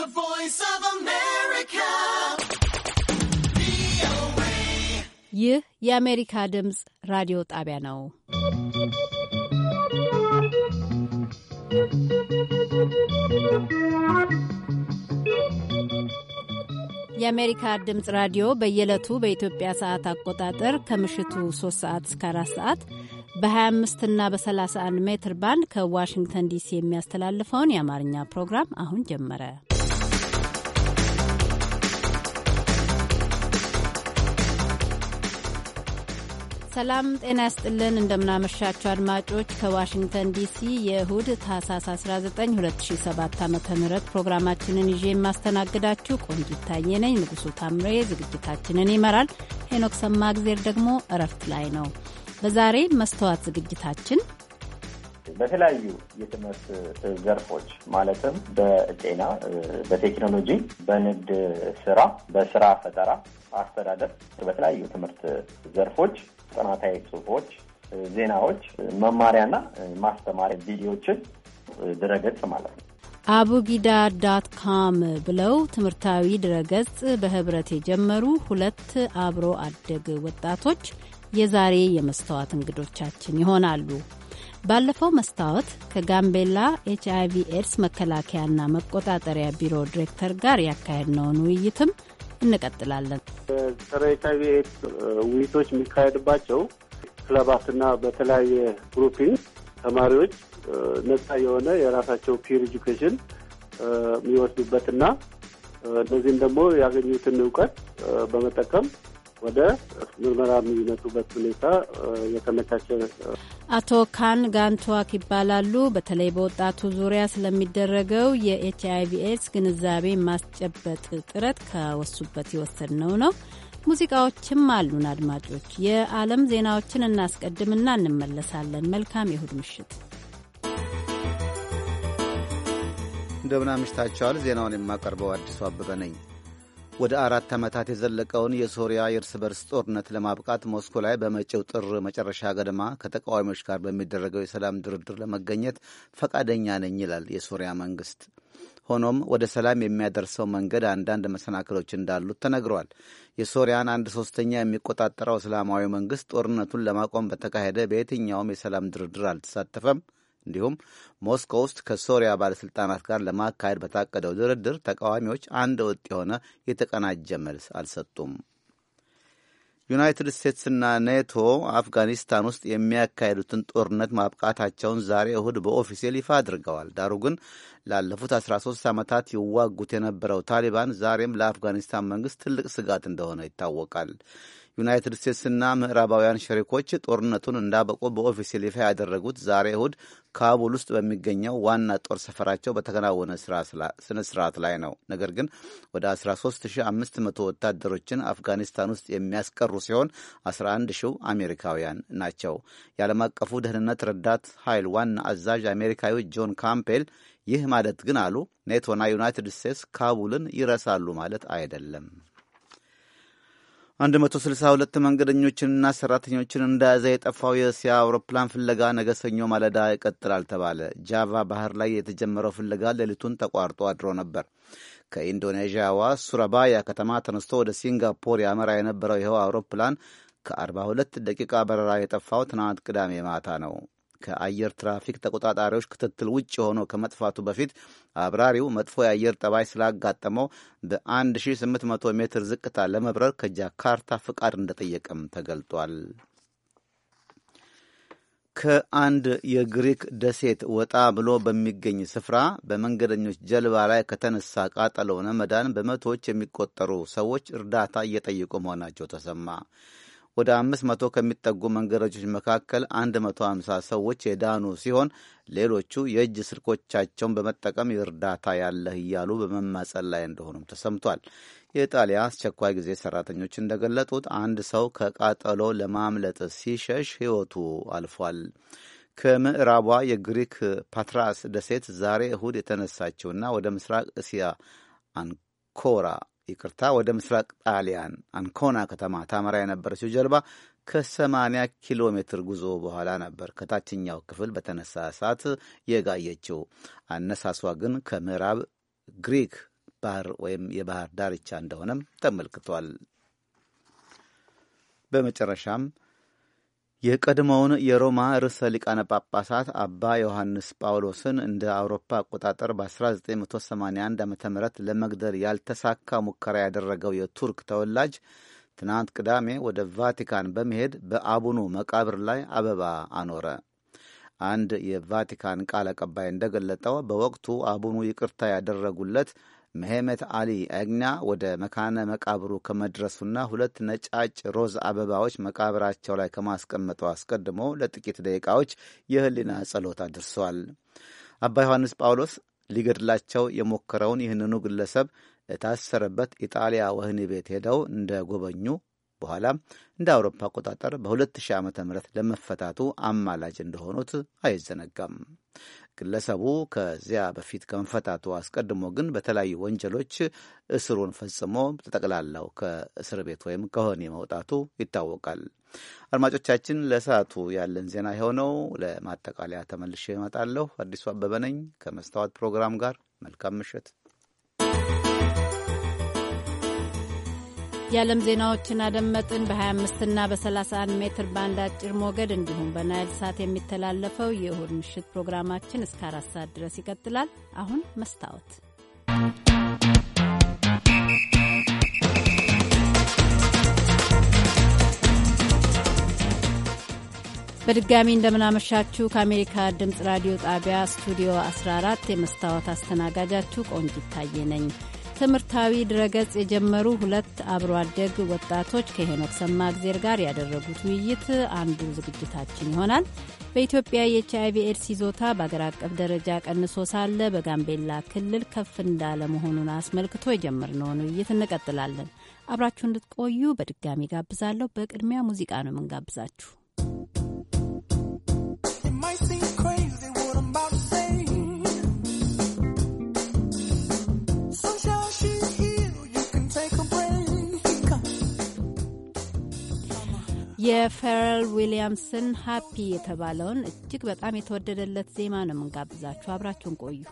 The Voice of America. ይህ የአሜሪካ ድምፅ ራዲዮ ጣቢያ ነው። የአሜሪካ ድምፅ ራዲዮ በየዕለቱ በኢትዮጵያ ሰዓት አቆጣጠር ከምሽቱ 3 ሰዓት እስከ 4 ሰዓት በ25 እና በ31 ሜትር ባንድ ከዋሽንግተን ዲሲ የሚያስተላልፈውን የአማርኛ ፕሮግራም አሁን ጀመረ። ሰላም ጤና ያስጥልን። እንደምናመሻችሁ አድማጮች ከዋሽንግተን ዲሲ የእሁድ ታህሳስ 19 2007 ዓ ም ፕሮግራማችንን ይዤ የማስተናግዳችሁ ቆንጂት ታዬ ነኝ። ንጉሱ ታምሬ ዝግጅታችንን ይመራል። ሄኖክ ሰማእግዜር ደግሞ እረፍት ላይ ነው። በዛሬ መስተዋት ዝግጅታችን በተለያዩ የትምህርት ዘርፎች ማለትም በጤና፣ በቴክኖሎጂ፣ በንግድ ስራ፣ በስራ ፈጠራ አስተዳደር በተለያዩ ትምህርት ዘርፎች ጥናታዊ ጽሁፎች፣ ዜናዎች፣ መማሪያና ማስተማሪያ ቪዲዮዎችን ድረገጽ ማለት ነው። አቡጊዳ ዳት ካም ብለው ትምህርታዊ ድረገጽ በህብረት የጀመሩ ሁለት አብሮ አደግ ወጣቶች የዛሬ የመስታወት እንግዶቻችን ይሆናሉ። ባለፈው መስታወት ከጋምቤላ ኤች ኤድስ መከላከያና መቆጣጠሪያ ቢሮ ዲሬክተር ጋር ያካሄድነውን ውይይትም እንቀጥላለን። ጸረ ኤችአይቪ ኤድስ ውይይቶች የሚካሄድባቸው ክለባትና በተለያየ ግሩፒንግ ተማሪዎች ነጻ የሆነ የራሳቸው ፒር ኤጁኬሽን የሚወስዱበትና እነዚህም ደግሞ ያገኙትን እውቀት በመጠቀም ወደ ምርመራ የሚመጡበት ሁኔታ የተመቻቸ። አቶ ካን ጋንትዋክ ይባላሉ። በተለይ በወጣቱ ዙሪያ ስለሚደረገው የኤች አይቪ ኤድስ ግንዛቤ ማስጨበጥ ጥረት ከወሱበት የወሰድነው ነው። ሙዚቃዎችም አሉን። አድማጮች የዓለም ዜናዎችን እናስቀድምና እንመለሳለን። መልካም የእሁድ ምሽት እንደምናምሽታቸዋል። ዜናውን የማቀርበው አዲሱ አበበ ነኝ። ወደ አራት ዓመታት የዘለቀውን የሶሪያ የእርስ በርስ ጦርነት ለማብቃት ሞስኮ ላይ በመጪው ጥር መጨረሻ ገደማ ከተቃዋሚዎች ጋር በሚደረገው የሰላም ድርድር ለመገኘት ፈቃደኛ ነኝ ይላል የሶሪያ መንግስት። ሆኖም ወደ ሰላም የሚያደርሰው መንገድ አንዳንድ መሰናክሎች እንዳሉት ተነግሯል። የሶሪያን አንድ ሶስተኛ የሚቆጣጠረው እስላማዊ መንግስት ጦርነቱን ለማቆም በተካሄደ በየትኛውም የሰላም ድርድር አልተሳተፈም። እንዲሁም ሞስኮ ውስጥ ከሶሪያ ባለሥልጣናት ጋር ለማካሄድ በታቀደው ድርድር ተቃዋሚዎች አንድ ወጥ የሆነ የተቀናጀ መልስ አልሰጡም። ዩናይትድ ስቴትስና ኔቶ አፍጋኒስታን ውስጥ የሚያካሄዱትን ጦርነት ማብቃታቸውን ዛሬ እሁድ በኦፊሴል ይፋ አድርገዋል። ዳሩ ግን ላለፉት 13 ዓመታት ይዋጉት የነበረው ታሊባን ዛሬም ለአፍጋኒስታን መንግሥት ትልቅ ስጋት እንደሆነ ይታወቃል። ዩናይትድ ስቴትስና ምዕራባውያን ሸሪኮች ጦርነቱን እንዳበቁ በኦፊሴል ይፋ ያደረጉት ዛሬ እሁድ ካቡል ውስጥ በሚገኘው ዋና ጦር ሰፈራቸው በተከናወነ ስነ ስርዓት ላይ ነው። ነገር ግን ወደ 13500 ወታደሮችን አፍጋኒስታን ውስጥ የሚያስቀሩ ሲሆን 11 ሺው አሜሪካውያን ናቸው። የዓለም አቀፉ ደህንነት ረዳት ኃይል ዋና አዛዥ አሜሪካዊ ጆን ካምፔል ይህ ማለት ግን አሉ ኔቶና ዩናይትድ ስቴትስ ካቡልን ይረሳሉ ማለት አይደለም። 162 መንገደኞችንና ሰራተኞችን እንደያዘ የጠፋው የእስያ አውሮፕላን ፍለጋ ነገ ሰኞ ማለዳ ይቀጥላል ተባለ። ጃቫ ባህር ላይ የተጀመረው ፍለጋ ሌሊቱን ተቋርጦ አድሮ ነበር። ከኢንዶኔዥያዋ ሱራባያ ከተማ ተነስቶ ወደ ሲንጋፖር ያመራ የነበረው ይኸው አውሮፕላን ከ42 ደቂቃ በረራ የጠፋው ትናንት ቅዳሜ ማታ ነው። ከአየር ትራፊክ ተቆጣጣሪዎች ክትትል ውጭ ሆኖ ከመጥፋቱ በፊት አብራሪው መጥፎ የአየር ጠባይ ስላጋጠመው በ1800 ሜትር ዝቅታ ለመብረር ከጃካርታ ፍቃድ እንደጠየቀም ተገልጧል። ከአንድ የግሪክ ደሴት ወጣ ብሎ በሚገኝ ስፍራ በመንገደኞች ጀልባ ላይ ከተነሳ ቃጠሎ ነመዳን በመቶዎች የሚቆጠሩ ሰዎች እርዳታ እየጠየቁ መሆናቸው ተሰማ። ወደ አምስት መቶ ከሚጠጉ መንገደኞች መካከል 150 ሰዎች የዳኑ ሲሆን ሌሎቹ የእጅ ስልኮቻቸውን በመጠቀም እርዳታ ያለህ እያሉ በመማጸን ላይ እንደሆኑም ተሰምቷል። የጣሊያ አስቸኳይ ጊዜ ሰራተኞች እንደገለጡት አንድ ሰው ከቃጠሎ ለማምለጥ ሲሸሽ ሕይወቱ አልፏል። ከምዕራቧ የግሪክ ፓትራስ ደሴት ዛሬ እሁድ የተነሳችውና ወደ ምስራቅ እስያ አንኮራ ይቅርታ፣ ወደ ምስራቅ ጣሊያን አንኮና ከተማ ታመራ የነበረችው ጀልባ ከ80 ኪሎ ሜትር ጉዞ በኋላ ነበር ከታችኛው ክፍል በተነሳ እሳት የጋየችው። አነሳሷ ግን ከምዕራብ ግሪክ ባህር ወይም የባህር ዳርቻ እንደሆነም ተመልክቷል። በመጨረሻም የቀድሞውን የሮማ ርዕሰ ሊቃነ ጳጳሳት አባ ዮሐንስ ጳውሎስን እንደ አውሮፓ አቆጣጠር በ1981 ዓ ም ለመግደል ያልተሳካ ሙከራ ያደረገው የቱርክ ተወላጅ ትናንት ቅዳሜ ወደ ቫቲካን በመሄድ በአቡኑ መቃብር ላይ አበባ አኖረ። አንድ የቫቲካን ቃል አቀባይ እንደገለጠው በወቅቱ አቡኑ ይቅርታ ያደረጉለት መሄመት አሊ አግና ወደ መካነ መቃብሩ ከመድረሱና ሁለት ነጫጭ ሮዝ አበባዎች መቃብራቸው ላይ ከማስቀመጠው አስቀድሞ ለጥቂት ደቂቃዎች የህሊና ጸሎት አድርሰዋል። አባ ዮሐንስ ጳውሎስ ሊገድላቸው የሞከረውን ይህንኑ ግለሰብ የታሰረበት ኢጣሊያ ወህኒ ቤት ሄደው እንደ ጎበኙ በኋላ እንደ አውሮፓ አቆጣጠር በ2000 ዓ ም ለመፈታቱ አማላጅ እንደሆኑት አይዘነጋም። ግለሰቡ ከዚያ በፊት ከመፈታቱ አስቀድሞ ግን በተለያዩ ወንጀሎች እስሩን ፈጽሞ በጠቅላላው ከእስር ቤት ወይም ከሆኒ መውጣቱ ይታወቃል። አድማጮቻችን፣ ለሰዓቱ ያለን ዜና የሆነው ለማጠቃለያ ተመልሼ እመጣለሁ። አዲሱ አበበ ነኝ ከመስታወት ፕሮግራም ጋር መልካም ምሽት። የዓለም ዜናዎችን አደመጥን። በ25 እና በ31 ሜትር ባንድ አጭር ሞገድ እንዲሁም በናይል ሳት የሚተላለፈው የእሁድ ምሽት ፕሮግራማችን እስከ አራት ሰዓት ድረስ ይቀጥላል። አሁን መስታወት በድጋሚ እንደምናመሻችሁ ከአሜሪካ ድምፅ ራዲዮ ጣቢያ ስቱዲዮ 14 የመስታወት አስተናጋጃችሁ ቆንጅ ይታየ ነኝ። ትምህርታዊ ድረገጽ የጀመሩ ሁለት አብሮ አደግ ወጣቶች ከሄኖክ ሰማእግዜር ጋር ያደረጉት ውይይት አንዱ ዝግጅታችን ይሆናል። በኢትዮጵያ የኤች ቪ ኤድስ ይዞታ በአገር አቀፍ ደረጃ ቀንሶ ሳለ በጋምቤላ ክልል ከፍ እንዳለ መሆኑን አስመልክቶ የጀመርነውን ውይይት እንቀጥላለን። አብራችሁ እንድትቆዩ በድጋሚ ጋብዛለሁ። በቅድሚያ ሙዚቃ ነው የምንጋብዛችሁ። የፌረል ዊሊያምስን ሃፒ የተባለውን እጅግ በጣም የተወደደለት ዜማ ነው የምንጋብዛችሁ። አብራችሁን ቆዩ።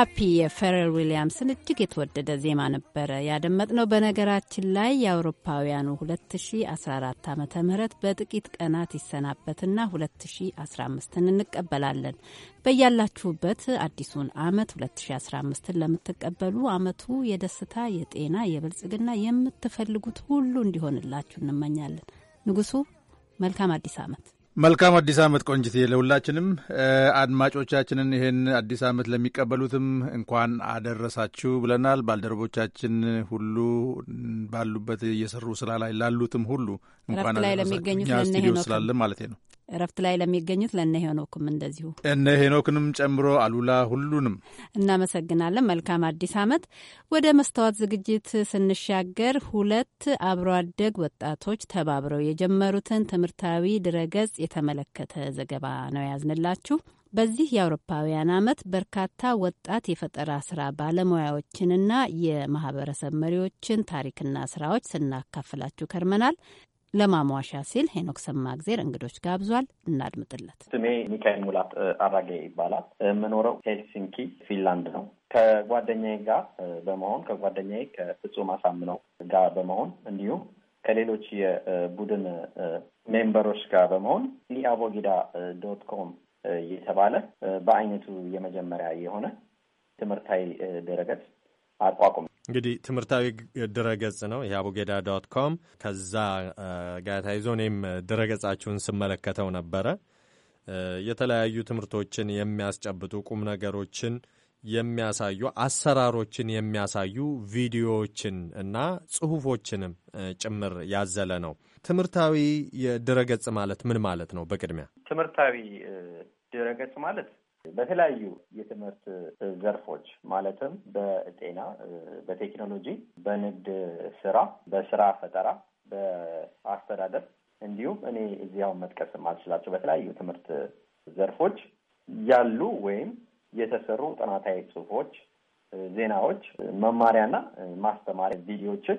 ሀፒ የፈረር ዊሊያምስን እጅግ የተወደደ ዜማ ነበረ ያደመጥነው። በነገራችን ላይ የአውሮፓውያኑ 2014 ዓ ም በጥቂት ቀናት ይሰናበትና 2015ን እንቀበላለን። በያላችሁበት አዲሱን አመት 2015ን ለምትቀበሉ አመቱ የደስታ የጤና፣ የብልጽግና የምትፈልጉት ሁሉ እንዲሆንላችሁ እንመኛለን። ንጉሱ መልካም አዲስ ዓመት መልካም አዲስ ዓመት ቆንጅቴ ለሁላችንም አድማጮቻችንን ይህን አዲስ ዓመት ለሚቀበሉትም እንኳን አደረሳችሁ ብለናል። ባልደረቦቻችን ሁሉ ባሉበት እየሰሩ ስራ ላይ ላሉትም ሁሉ እንኳን ስቱዲዮ ስላለ ማለት ነው እረፍት ላይ ለሚገኙት ለነ ሄኖክም እንደዚሁ እነ ሄኖክንም ጨምሮ አሉላ ሁሉንም እናመሰግናለን። መልካም አዲስ ዓመት። ወደ መስተዋት ዝግጅት ስንሻገር ሁለት አብሮ አደግ ወጣቶች ተባብረው የጀመሩትን ትምህርታዊ ድረገጽ የተመለከተ ዘገባ ነው ያዝንላችሁ። በዚህ የአውሮፓውያን ዓመት በርካታ ወጣት የፈጠራ ስራ ባለሙያዎችንና የማህበረሰብ መሪዎችን ታሪክና ስራዎች ስናካፍላችሁ ከርመናል። ለማሟሻ ሲል ሄኖክ ሰማእግዜር እንግዶች ጋብዟል። እናድምጥለት። ስሜ ሚካኤል ሙላት አራጌ ይባላል። የምኖረው ሄልሲንኪ ፊንላንድ ነው። ከጓደኛዬ ጋር በመሆን ከጓደኛዬ ከፍጹም አሳምነው ጋር በመሆን እንዲሁም ከሌሎች የቡድን ሜምበሮች ጋር በመሆን ሊአቦጊዳ ዶት ኮም የተባለ በአይነቱ የመጀመሪያ የሆነ ትምህርታዊ ድረገጽ አቋቁም እንግዲህ ትምህርታዊ ድረገጽ ነው ይህ አቡጌዳ ዶት ኮም። ከዛ ጋር ታይዞ እኔም ድረገጻችሁን ስመለከተው ነበረ። የተለያዩ ትምህርቶችን የሚያስጨብጡ ቁም ነገሮችን የሚያሳዩ አሰራሮችን የሚያሳዩ ቪዲዮዎችን እና ጽሁፎችንም ጭምር ያዘለ ነው። ትምህርታዊ ድረገጽ ማለት ምን ማለት ነው? በቅድሚያ ትምህርታዊ ድረገጽ ማለት በተለያዩ የትምህርት ዘርፎች ማለትም በጤና፣ በቴክኖሎጂ፣ በንግድ ስራ፣ በስራ ፈጠራ፣ በአስተዳደር እንዲሁም እኔ እዚያውን መጥቀስ ማልችላቸው በተለያዩ ትምህርት ዘርፎች ያሉ ወይም የተሰሩ ጥናታዊ ጽሁፎች፣ ዜናዎች፣ መማሪያና ማስተማሪያ ቪዲዮዎችን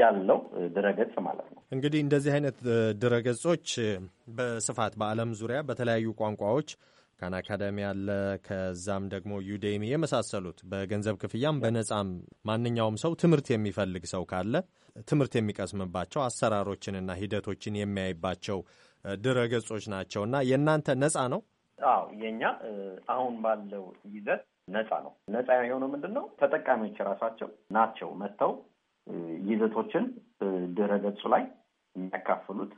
ያለው ድረገጽ ማለት ነው። እንግዲህ እንደዚህ አይነት ድረገጾች በስፋት በዓለም ዙሪያ በተለያዩ ቋንቋዎች ካhan አካዳሚ አለ። ከዛም ደግሞ ዩዴሚ የመሳሰሉት በገንዘብ ክፍያም በነጻም ማንኛውም ሰው ትምህርት የሚፈልግ ሰው ካለ ትምህርት የሚቀስምባቸው አሰራሮችንና ሂደቶችን የሚያይባቸው ድረገጾች ናቸው እና የእናንተ ነጻ ነው? አዎ የኛ አሁን ባለው ይዘት ነጻ ነው። ነጻ የሆነው ምንድን ነው? ተጠቃሚዎች ራሳቸው ናቸው መጥተው ይዘቶችን ድረገጹ ላይ የሚያካፍሉት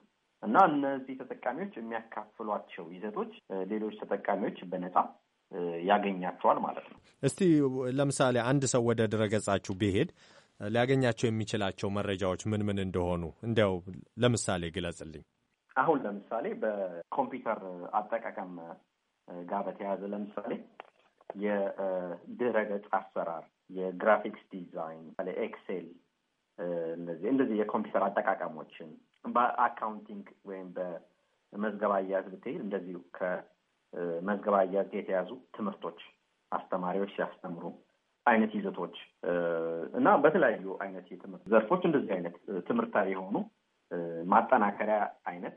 እና እነዚህ ተጠቃሚዎች የሚያካፍሏቸው ይዘቶች ሌሎች ተጠቃሚዎች በነጻ ያገኛቸዋል ማለት ነው። እስቲ ለምሳሌ አንድ ሰው ወደ ድረገጻችሁ ቢሄድ ሊያገኛቸው የሚችላቸው መረጃዎች ምን ምን እንደሆኑ እንዲያው ለምሳሌ ግለጽልኝ። አሁን ለምሳሌ በኮምፒውተር አጠቃቀም ጋር በተያያዘ ለምሳሌ የድረገጽ አሰራር፣ የግራፊክስ ዲዛይን፣ ኤክሴል፣ እነዚህ እንደዚህ የኮምፒውተር አጠቃቀሞችን በአካውንቲንግ ወይም በመዝገብ አያያዝ ብትሄድ እንደዚሁ ከመዝገብ አያያዝ የተያዙ ትምህርቶች አስተማሪዎች ሲያስተምሩ አይነት ይዘቶች እና በተለያዩ አይነት የትምህርት ዘርፎች እንደዚህ አይነት ትምህርታዊ የሆኑ ማጠናከሪያ አይነት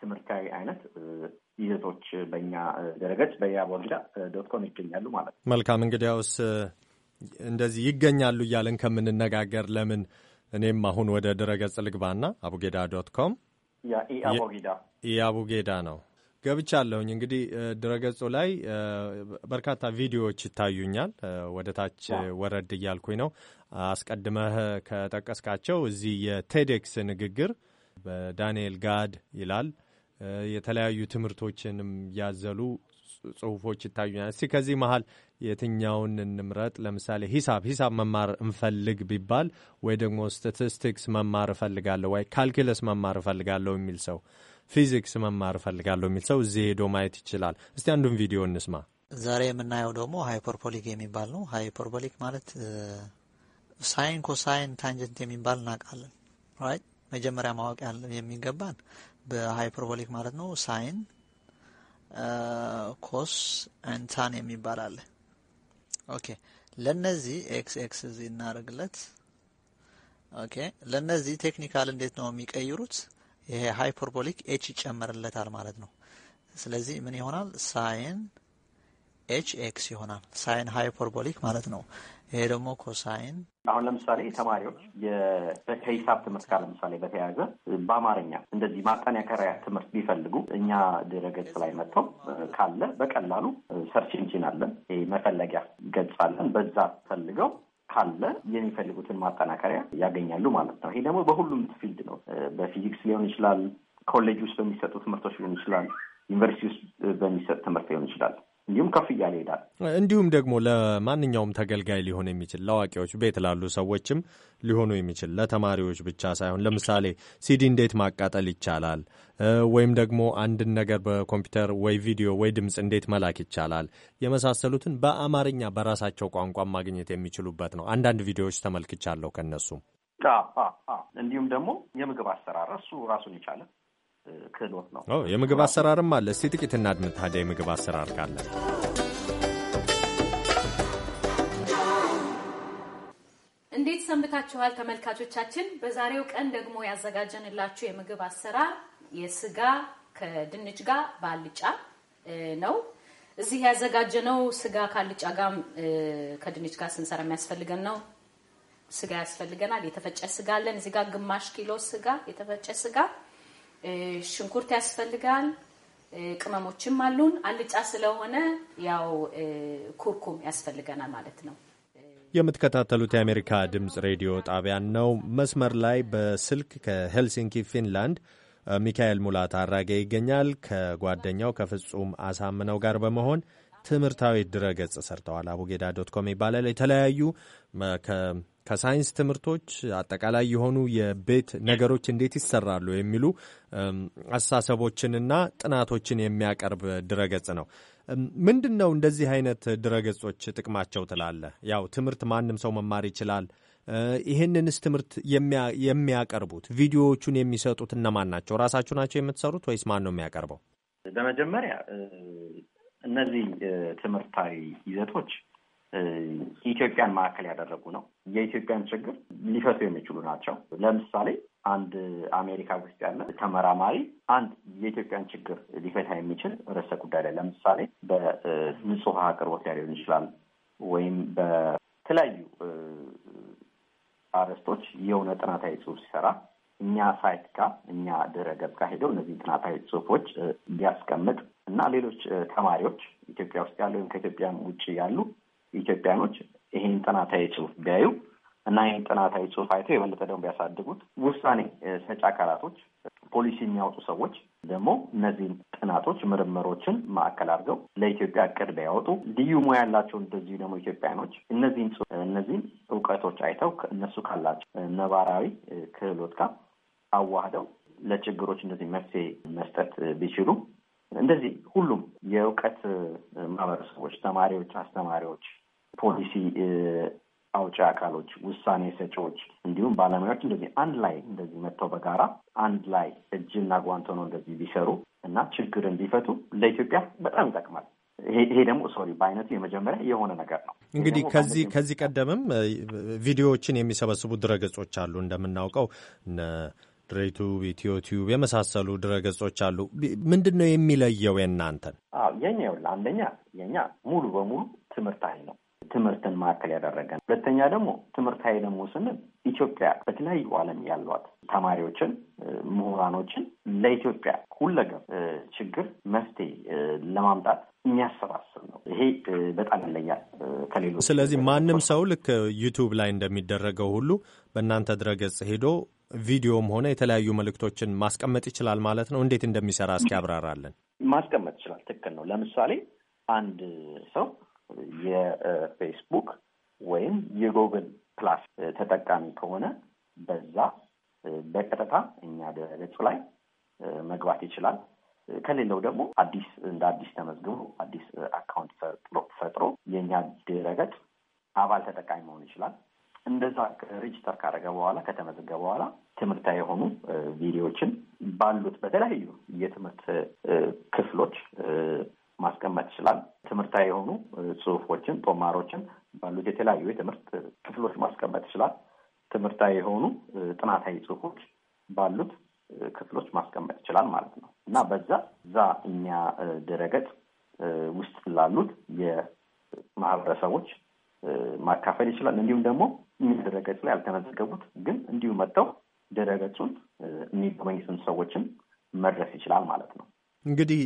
ትምህርታዊ አይነት ይዘቶች በእኛ ድረገጽ በያቦርዳ ዶት ኮም ይገኛሉ ማለት ነው። መልካም እንግዲያውስ እንደዚህ ይገኛሉ እያለን ከምንነጋገር ለምን እኔም አሁን ወደ ድረገጽ ልግባና አቡጌዳ ዶት ኮም የአቡጌዳ ነው ገብቻ አለሁኝ። እንግዲህ ድረገጹ ላይ በርካታ ቪዲዮዎች ይታዩኛል። ወደ ታች ወረድ እያልኩኝ ነው። አስቀድመህ ከጠቀስካቸው እዚህ የቴዴክስ ንግግር በዳንኤል ጋድ ይላል የተለያዩ ትምህርቶችንም ያዘሉ ጽሁፎች ይታዩኛል። እስቲ ከዚህ መሀል የትኛውን እንምረጥ? ለምሳሌ ሂሳብ ሂሳብ መማር እንፈልግ ቢባል ወይ ደግሞ ስታቲስቲክስ መማር እፈልጋለሁ ወይ ካልኩለስ መማር እፈልጋለሁ የሚል ሰው፣ ፊዚክስ መማር እፈልጋለሁ የሚል ሰው እዚህ ሄዶ ማየት ይችላል። እስቲ አንዱን ቪዲዮ እንስማ። ዛሬ የምናየው ደግሞ ሃይፐርቦሊክ የሚባል ነው። ሃይፐርቦሊክ ማለት ሳይን፣ ኮሳይን፣ ታንጀንት የሚባል እናውቃለን። ራይት መጀመሪያ ማወቅ የሚገባን በሃይፐርቦሊክ ማለት ነው ሳይን ኮስ እንታን የሚባል አለ። ኦኬ ለነዚህ ኤክስ ኤክስ እዚህ እናደርግለት። ኦኬ ለነዚህ ቴክኒካል እንዴት ነው የሚቀይሩት? ይሄ ሃይፐርቦሊክ ኤች ይጨመርለታል ማለት ነው። ስለዚህ ምን ይሆናል? ሳይን ኤች ኤክስ ይሆናል። ሳይን ሃይፐርቦሊክ ማለት ነው። ይሄ ደግሞ ኮሳይን አሁን ለምሳሌ ተማሪዎች ከሂሳብ ትምህርት ጋር ለምሳሌ በተያያዘ በአማርኛ እንደዚህ ማጠናከሪያ ትምህርት ቢፈልጉ እኛ ድረገጽ ላይ መጥተው ካለ በቀላሉ ሰርች ኢንጂን አለን፣ መፈለጊያ ገጽ አለን። በዛ ፈልገው ካለ የሚፈልጉትን ማጠናከሪያ ያገኛሉ ማለት ነው። ይሄ ደግሞ በሁሉም ፊልድ ነው። በፊዚክስ ሊሆን ይችላል፣ ኮሌጅ ውስጥ በሚሰጡ ትምህርቶች ሊሆን ይችላል፣ ዩኒቨርሲቲ ውስጥ በሚሰጥ ትምህርት ሊሆን ይችላል። እንዲሁም ከፍ እያለ ይሄዳል። እንዲሁም ደግሞ ለማንኛውም ተገልጋይ ሊሆን የሚችል ለአዋቂዎች፣ ቤት ላሉ ሰዎችም ሊሆኑ የሚችል ለተማሪዎች ብቻ ሳይሆን ለምሳሌ ሲዲ እንዴት ማቃጠል ይቻላል ወይም ደግሞ አንድን ነገር በኮምፒውተር ወይ ቪዲዮ ወይ ድምፅ እንዴት መላክ ይቻላል የመሳሰሉትን በአማርኛ በራሳቸው ቋንቋ ማግኘት የሚችሉበት ነው። አንዳንድ ቪዲዮዎች ተመልክቻለሁ ከነሱም እንዲሁም ደግሞ የምግብ አሰራር እሱ ራሱን ይቻላል። ክህሎት ነው። የምግብ አሰራርም አለ። እስቲ ጥቂት እናድምጥ ታዲያ የምግብ አሰራር ካለ እንዴት ሰንብታችኋል ተመልካቾቻችን? በዛሬው ቀን ደግሞ ያዘጋጀንላችሁ የምግብ አሰራር የስጋ ከድንች ጋር በአልጫ ነው። እዚህ ያዘጋጀነው ስጋ ከአልጫ ጋር ከድንች ጋር ስንሰራ የሚያስፈልገን ነው። ስጋ ያስፈልገናል። የተፈጨ ስጋ አለን እዚህ ጋር ግማሽ ኪሎ ስጋ የተፈጨ ስጋ ሽንኩርት ያስፈልጋል። ቅመሞችም አሉን። አልጫ ስለሆነ ያው ኩርኩም ያስፈልገናል ማለት ነው። የምትከታተሉት የአሜሪካ ድምፅ ሬዲዮ ጣቢያን ነው። መስመር ላይ በስልክ ከሄልሲንኪ ፊንላንድ ሚካኤል ሙላት አራጌ ይገኛል። ከጓደኛው ከፍጹም አሳምነው ጋር በመሆን ትምህርታዊ ድረገጽ ሰርተዋል። አቡጌዳ ዶት ኮም ይባላል። የተለያዩ ከሳይንስ ትምህርቶች አጠቃላይ የሆኑ የቤት ነገሮች እንዴት ይሰራሉ የሚሉ አስተሳሰቦችንና ጥናቶችን የሚያቀርብ ድረገጽ ነው። ምንድን ነው እንደዚህ አይነት ድረገጾች ጥቅማቸው ትላለ ያው ትምህርት ማንም ሰው መማር ይችላል። ይህንንስ ትምህርት የሚያቀርቡት ቪዲዮዎቹን የሚሰጡት እነማን ናቸው? ራሳችሁ ናቸው የምትሰሩት ወይስ ማን ነው የሚያቀርበው? በመጀመሪያ እነዚህ ትምህርታዊ ይዘቶች ኢትዮጵያን ማዕከል ያደረጉ ነው። የኢትዮጵያን ችግር ሊፈቱ የሚችሉ ናቸው። ለምሳሌ አንድ አሜሪካ ውስጥ ያለ ተመራማሪ አንድ የኢትዮጵያን ችግር ሊፈታ የሚችል ርዕሰ ጉዳይ ላይ ለምሳሌ በንጹህ አቅርቦት ላይ ሊሆን ይችላል ወይም በተለያዩ አርዕስቶች የሆነ ጥናታዊ ጽሁፍ ሲሰራ እኛ ሳይት ጋር እኛ ድረ ገጽ ጋር ሄደው እነዚህ ጥናታዊ ጽሁፎች ሊያስቀምጥ እና ሌሎች ተማሪዎች ኢትዮጵያ ውስጥ ያለ ወይም ከኢትዮጵያም ውጭ ያሉ ኢትዮጵያኖች ይህን ጥናታዊ ጽሁፍ ቢያዩ እና ይህን ጥናታዊ ጽሁፍ አይተው የበለጠ ደግሞ ቢያሳድጉት፣ ውሳኔ ሰጪ አካላቶች፣ ፖሊሲ የሚያወጡ ሰዎች ደግሞ እነዚህን ጥናቶች፣ ምርምሮችን ማዕከል አድርገው ለኢትዮጵያ እቅድ ቢያወጡ፣ ልዩ ሙያ ያላቸው እንደዚሁ ደግሞ ኢትዮጵያኖች እነዚህን እነዚህን እውቀቶች አይተው እነሱ ካላቸው ነባራዊ ክህሎት ጋር አዋህደው ለችግሮች እንደዚህ መፍትሄ መስጠት ቢችሉ እንደዚህ ሁሉም የእውቀት ማህበረሰቦች፣ ተማሪዎች፣ አስተማሪዎች፣ ፖሊሲ አውጪ አካሎች፣ ውሳኔ ሰጪዎች እንዲሁም ባለሙያዎች እንደዚህ አንድ ላይ እንደዚህ መጥተው በጋራ አንድ ላይ እጅና ጓንት ሆነው እንደዚህ ቢሰሩ እና ችግርን ቢፈቱ ለኢትዮጵያ በጣም ይጠቅማል። ይሄ ደግሞ ሶሪ በአይነቱ የመጀመሪያ የሆነ ነገር ነው። እንግዲህ ከዚህ ከዚህ ቀደምም ቪዲዮዎችን የሚሰበስቡ ድረገጾች አሉ እንደምናውቀው ድሬቱብ፣ ኢትዮቲዩብ የመሳሰሉ ድረገጾች አሉ። ምንድን ነው የሚለየው የእናንተን? የኛ ይኸውልህ፣ አንደኛ የኛ ሙሉ በሙሉ ትምህርታዊ ነው ትምህርትን ማዕከል ያደረገ ነው። ሁለተኛ ደግሞ ትምህርታዊ ደግሞ ስንል ኢትዮጵያ በተለያዩ ዓለም ያሏት ተማሪዎችን፣ ምሁራኖችን ለኢትዮጵያ ሁለገብ ችግር መፍትሄ ለማምጣት የሚያሰባስብ ነው። ይሄ በጣም ይለያል ከሌሎች። ስለዚህ ማንም ሰው ልክ ዩቱብ ላይ እንደሚደረገው ሁሉ በእናንተ ድረገጽ ሄዶ ቪዲዮም ሆነ የተለያዩ መልእክቶችን ማስቀመጥ ይችላል ማለት ነው። እንዴት እንደሚሰራ እስኪ አብራራለን። ማስቀመጥ ይችላል። ትክክል ነው። ለምሳሌ አንድ ሰው የፌስቡክ ወይም የጎግል ፕላስ ተጠቃሚ ከሆነ በዛ በቀጥታ እኛ ድረገጹ ላይ መግባት ይችላል። ከሌለው ደግሞ አዲስ እንደ አዲስ ተመዝግቦ አዲስ አካውንት ፈጥሮ የእኛ ድረገጽ አባል ተጠቃሚ መሆን ይችላል። እንደዛ ሬጅስተር ካደረገ በኋላ ከተመዘገበ በኋላ ትምህርታዊ የሆኑ ቪዲዮዎችን ባሉት በተለያዩ የትምህርት ክፍሎች ማስቀመጥ ይችላል። ትምህርታዊ የሆኑ ጽሁፎችን፣ ጦማሮችን ባሉት የተለያዩ የትምህርት ክፍሎች ማስቀመጥ ይችላል። ትምህርታዊ የሆኑ ጥናታዊ ጽሁፎች ባሉት ክፍሎች ማስቀመጥ ይችላል ማለት ነው እና በዛ ዛ እኛ ድረገጽ ውስጥ ላሉት የማህበረሰቦች ማካፈል ይችላል። እንዲሁም ደግሞ ይህ ድረገጽ ላይ ያልተመዘገቡት ግን እንዲሁ መጥተው ድረገጹን የሚጎበኙትን ሰዎችን መድረስ ይችላል ማለት ነው። እንግዲህ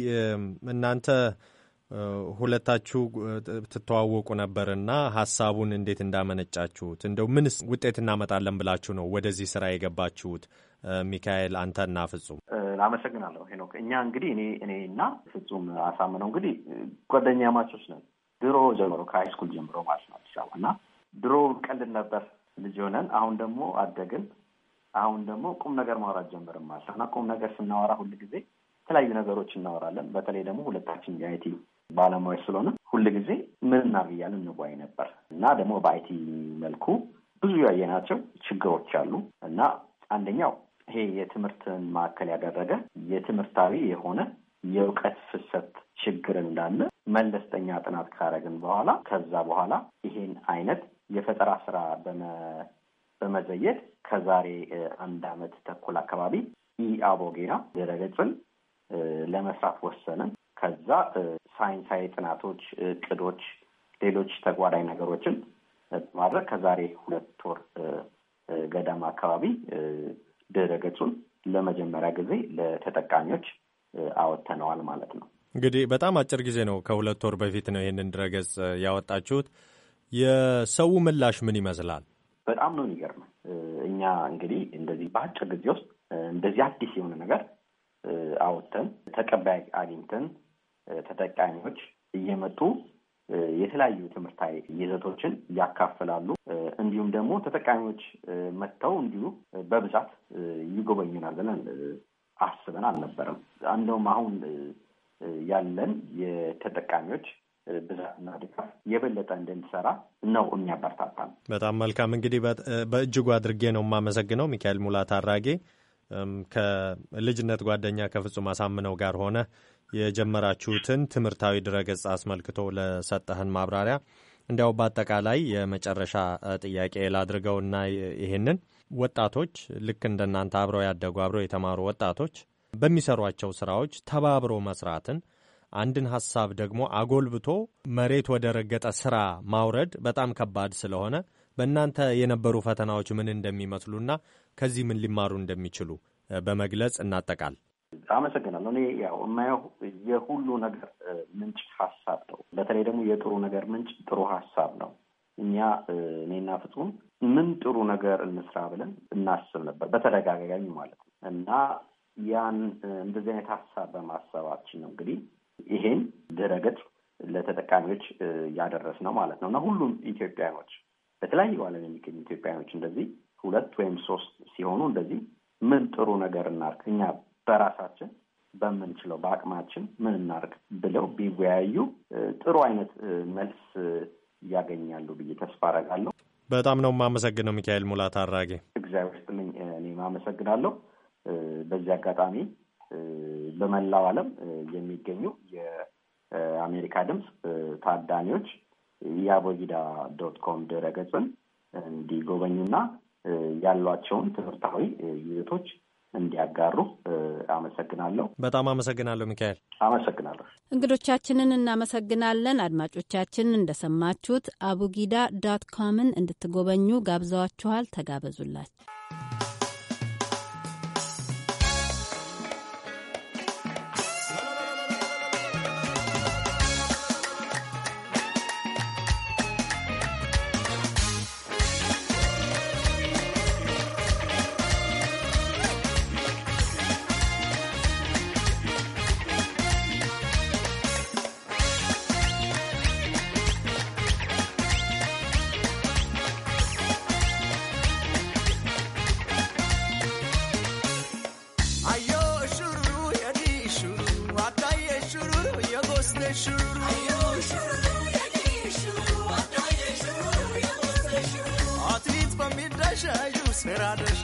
እናንተ ሁለታችሁ ትተዋወቁ ነበርና ሀሳቡን እንዴት እንዳመነጫችሁት እንደው ምንስ ውጤት እናመጣለን ብላችሁ ነው ወደዚህ ስራ የገባችሁት? ሚካኤል አንተ እና ፍጹም አመሰግናለሁ። ሄኖክ እኛ እንግዲህ እኔ እኔ እና ፍጹም አሳምነው እንግዲህ ጓደኛ ማቾች ነን ድሮ ጀምሮ ከሃይስኩል ጀምሮ ማለት ነው አዲስ አበባ እና ድሮ ቀልድ ነበር ልጅ ሆነን፣ አሁን ደግሞ አደግን። አሁን ደግሞ ቁም ነገር ማውራት ጀምርም አለ እና ቁም ነገር ስናወራ ሁል ጊዜ የተለያዩ ነገሮች እናወራለን። በተለይ ደግሞ ሁለታችን የአይቲ ባለሙያዎች ስለሆነ ሁል ጊዜ ምን እናብያል እንጓይ ነበር እና ደግሞ በአይቲ መልኩ ብዙ ያየናቸው ችግሮች አሉ እና አንደኛው ይሄ የትምህርትን ማዕከል ያደረገ የትምህርታዊ የሆነ የእውቀት ፍሰት ችግር እንዳለ መለስተኛ ጥናት ካረግን በኋላ ከዛ በኋላ ይሄን አይነት የፈጠራ ስራ በመዘየድ ከዛሬ አንድ አመት ተኩል አካባቢ ኢአቦጌና ድረገጽን ለመስራት ወሰንን። ከዛ ሳይንሳዊ ጥናቶች፣ እቅዶች፣ ሌሎች ተጓዳኝ ነገሮችን ማድረግ ከዛሬ ሁለት ወር ገደማ አካባቢ ድረገጹን ለመጀመሪያ ጊዜ ለተጠቃሚዎች አወጥተነዋል ማለት ነው። እንግዲህ በጣም አጭር ጊዜ ነው። ከሁለት ወር በፊት ነው ይህንን ድረገጽ ያወጣችሁት። የሰው ምላሽ ምን ይመስላል? በጣም ነው የሚገርመው። እኛ እንግዲህ እንደዚህ በአጭር ጊዜ ውስጥ እንደዚህ አዲስ የሆነ ነገር አወጥተን ተቀባይ አግኝተን ተጠቃሚዎች እየመጡ የተለያዩ ትምህርታዊ ይዘቶችን ያካፍላሉ። እንዲሁም ደግሞ ተጠቃሚዎች መጥተው እንዲሁ በብዛት ይጎበኙናል ብለን አስበን አልነበረም። እንደውም አሁን ያለን የተጠቃሚዎች ብዛትና ድጋፍ የበለጠ እንድንሰራ ነው የሚያበረታታ ነው። በጣም መልካም እንግዲህ በእጅጉ አድርጌ ነው የማመሰግነው ሚካኤል ሙላት አራጌ ከልጅነት ጓደኛ ከፍጹም አሳምነው ጋር ሆነ የጀመራችሁትን ትምህርታዊ ድረገጽ አስመልክቶ ለሰጠህን ማብራሪያ እንዲያው በአጠቃላይ የመጨረሻ ጥያቄ ላድርገውና ይህንን ወጣቶች ልክ እንደናንተ አብረው ያደጉ አብረው የተማሩ ወጣቶች በሚሰሯቸው ስራዎች ተባብሮ መስራትን አንድን ሐሳብ ደግሞ አጎልብቶ መሬት ወደ ረገጠ ሥራ ማውረድ በጣም ከባድ ስለሆነ በእናንተ የነበሩ ፈተናዎች ምን እንደሚመስሉና ከዚህ ምን ሊማሩ እንደሚችሉ በመግለጽ እናጠቃል። አመሰግናለሁ። እኔ ያው የማየው የሁሉ ነገር ምንጭ ሀሳብ ነው። በተለይ ደግሞ የጥሩ ነገር ምንጭ ጥሩ ሀሳብ ነው። እኛ እኔና ፍጹም ምን ጥሩ ነገር እንስራ ብለን እናስብ ነበር በተደጋጋሚ ማለት ነው እና ያን እንደዚህ አይነት ሀሳብ በማሰባችን ነው እንግዲህ ይሄን ድረገጽ ለተጠቃሚዎች ያደረስ ነው ማለት ነው እና ሁሉም ኢትዮጵያኖች በተለያዩ ዓለም የሚገኙ ኢትዮጵያኖች እንደዚህ ሁለት ወይም ሶስት ሲሆኑ እንደዚህ ምን ጥሩ ነገር እናርግ እኛ በራሳችን በምንችለው በአቅማችን ምን እናርግ ብለው ቢወያዩ ጥሩ አይነት መልስ ያገኛሉ ብዬ ተስፋ አደርጋለሁ። በጣም ነው የማመሰግነው ሚካኤል ሙላት አራጌ። እግዚአብሔር ይስጥልኝ። እኔ ማመሰግናለሁ። በዚህ አጋጣሚ በመላው ዓለም የሚገኙ የአሜሪካ ድምፅ ታዳሚዎች የአቦጊዳ ዶት ኮም ድረገጽን እንዲጎበኙና ያሏቸውን ትምህርታዊ ይዘቶች እንዲያጋሩ አመሰግናለሁ። በጣም አመሰግናለሁ ሚካኤል። አመሰግናለሁ። እንግዶቻችንን እናመሰግናለን። አድማጮቻችን እንደሰማችሁት አቡጊዳ ዳት ኮምን እንድትጎበኙ ጋብዘዋችኋል። ተጋበዙላችሁ።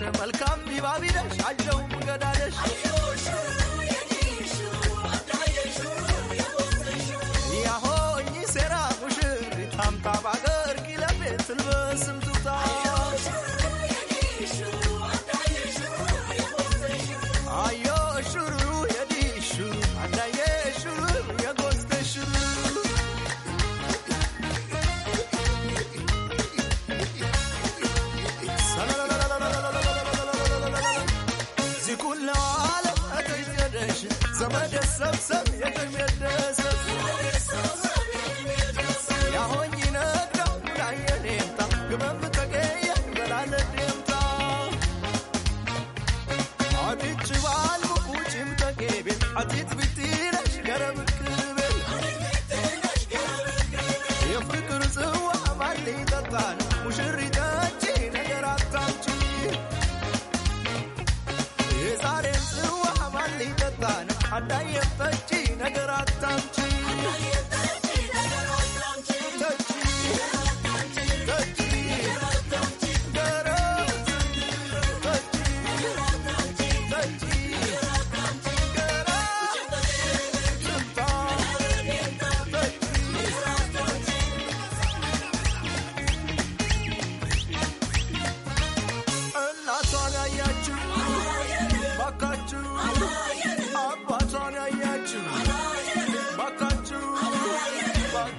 ነሽ መልካም ቢባቢነሽ አለው ገዳደሽ ያሆኝ ሴራ ሙሽሪ ታምታ ባገር ኪለቤት ትልበስ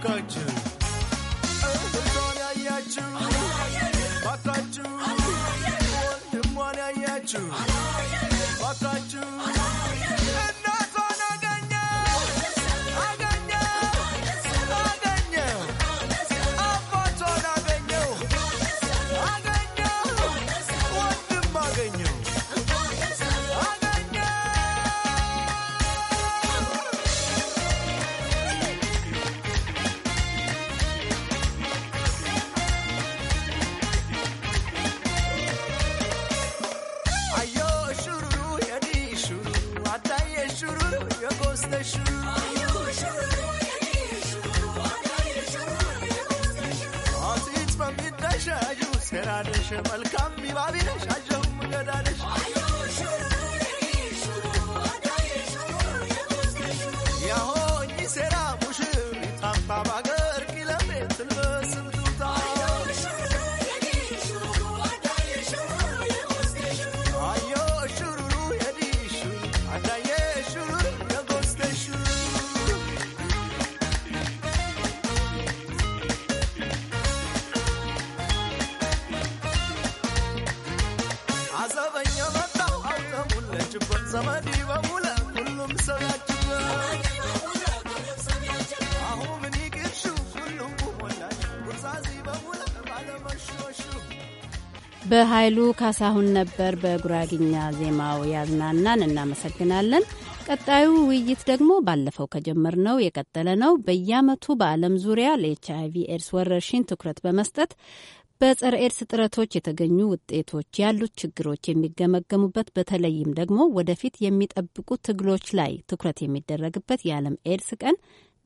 መጣችሁ ያያችሁ ማታችሁ ወንድሟን ያያችሁ ኃይሉ ካሳሁን ነበር በጉራግኛ ዜማው ያዝናናን። እናመሰግናለን። ቀጣዩ ውይይት ደግሞ ባለፈው ከጀመርነው የቀጠለ ነው። በየዓመቱ በዓለም ዙሪያ ለኤች አይቪ ኤድስ ወረርሽኝ ትኩረት በመስጠት በጸረ ኤድስ ጥረቶች የተገኙ ውጤቶች ያሉት ችግሮች የሚገመገሙበት በተለይም ደግሞ ወደፊት የሚጠብቁ ትግሎች ላይ ትኩረት የሚደረግበት የዓለም ኤድስ ቀን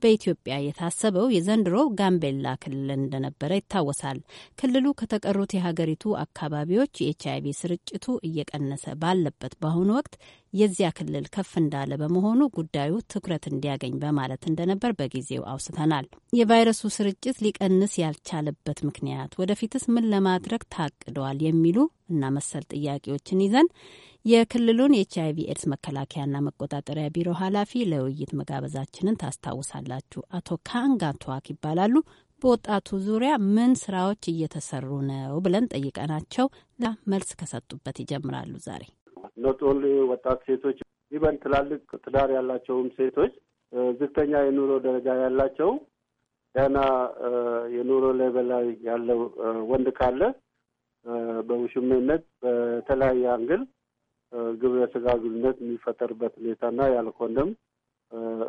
በኢትዮጵያ የታሰበው የዘንድሮ ጋምቤላ ክልል እንደነበረ ይታወሳል። ክልሉ ከተቀሩት የሀገሪቱ አካባቢዎች የኤች አይቪ ስርጭቱ እየቀነሰ ባለበት በአሁኑ ወቅት የዚያ ክልል ከፍ እንዳለ በመሆኑ ጉዳዩ ትኩረት እንዲያገኝ በማለት እንደነበር በጊዜው አውስተናል። የቫይረሱ ስርጭት ሊቀንስ ያልቻለበት ምክንያት፣ ወደፊትስ ምን ለማድረግ ታቅደዋል? የሚሉ እና መሰል ጥያቄዎችን ይዘን የክልሉን ኤች አይቪ ኤድስ መከላከያና መቆጣጠሪያ ቢሮ ኃላፊ ለውይይት መጋበዛችንን ታስታውሳላችሁ። አቶ ካንጋ ቱዋክ ይባላሉ። በወጣቱ ዙሪያ ምን ስራዎች እየተሰሩ ነው ብለን ጠይቀናቸው መልስ ከሰጡበት ይጀምራሉ። ዛሬ ሎጦል ወጣት ሴቶች ይበን ትላልቅ ትዳር ያላቸውም ሴቶች ዝቅተኛ የኑሮ ደረጃ ያላቸው ገና የኑሮ ሌቨል ላይ ያለው ወንድ ካለ በውሽሜነት በተለያየ አንግል ግብረ ስጋ ግንኙነት የሚፈጠርበት ሁኔታና ያለ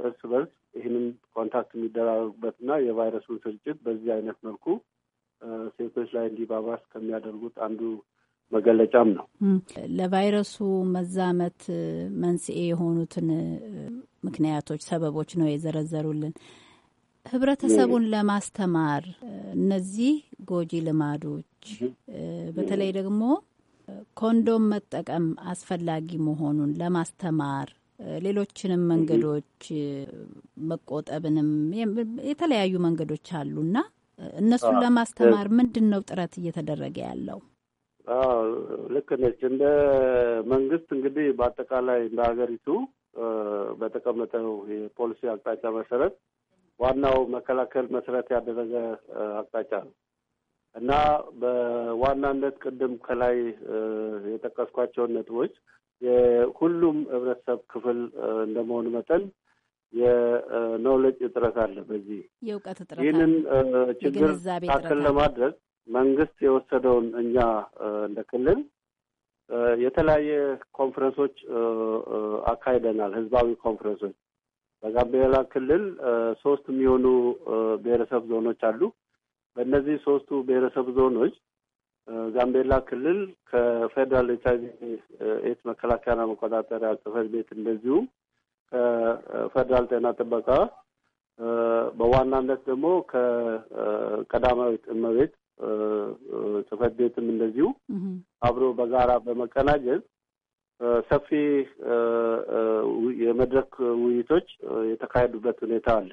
እርስ በርስ ይህንን ኮንታክት የሚደራረጉበትና የቫይረሱን ስርጭት በዚህ አይነት መልኩ ሴቶች ላይ እንዲባባስ ከሚያደርጉት አንዱ መገለጫም ነው። ለቫይረሱ መዛመት መንስኤ የሆኑትን ምክንያቶች፣ ሰበቦች ነው የዘረዘሩልን። ህብረተሰቡን ለማስተማር እነዚህ ጎጂ ልማዶች በተለይ ደግሞ ኮንዶም መጠቀም አስፈላጊ መሆኑን ለማስተማር ሌሎችንም መንገዶች መቆጠብንም የተለያዩ መንገዶች አሉና እነሱን ለማስተማር ምንድን ነው ጥረት እየተደረገ ያለው? ልክ ነች። እንደ መንግስት እንግዲህ በአጠቃላይ እንደ ሀገሪቱ በተቀመጠው የፖሊሲ አቅጣጫ መሰረት ዋናው መከላከል መሰረት ያደረገ አቅጣጫ ነው። እና በዋናነት ቅድም ከላይ የጠቀስኳቸውን ነጥቦች የሁሉም ህብረተሰብ ክፍል እንደመሆኑ መጠን የኖውሌጅ እጥረት አለ። በዚህ የእውቀት እጥረት ይህንን ችግር ታክል ለማድረግ መንግስት የወሰደውን እኛ እንደ ክልል የተለያየ ኮንፈረንሶች አካሂደናል። ህዝባዊ ኮንፈረንሶች በጋምቤላ ክልል ሶስት የሚሆኑ ብሔረሰብ ዞኖች አሉ። በእነዚህ ሶስቱ ብሔረሰብ ዞኖች ጋምቤላ ክልል ከፌዴራል ኤች አይቪ ኤድስ መከላከያና መቆጣጠሪያ ጽሕፈት ቤት እንደዚሁም ከፌዴራል ጤና ጥበቃ በዋናነት ደግሞ ከቀዳማዊት እመቤት ጽሕፈት ቤትም እንደዚሁ አብሮ በጋራ በመቀናጀት ሰፊ የመድረክ ውይይቶች የተካሄዱበት ሁኔታ አለ።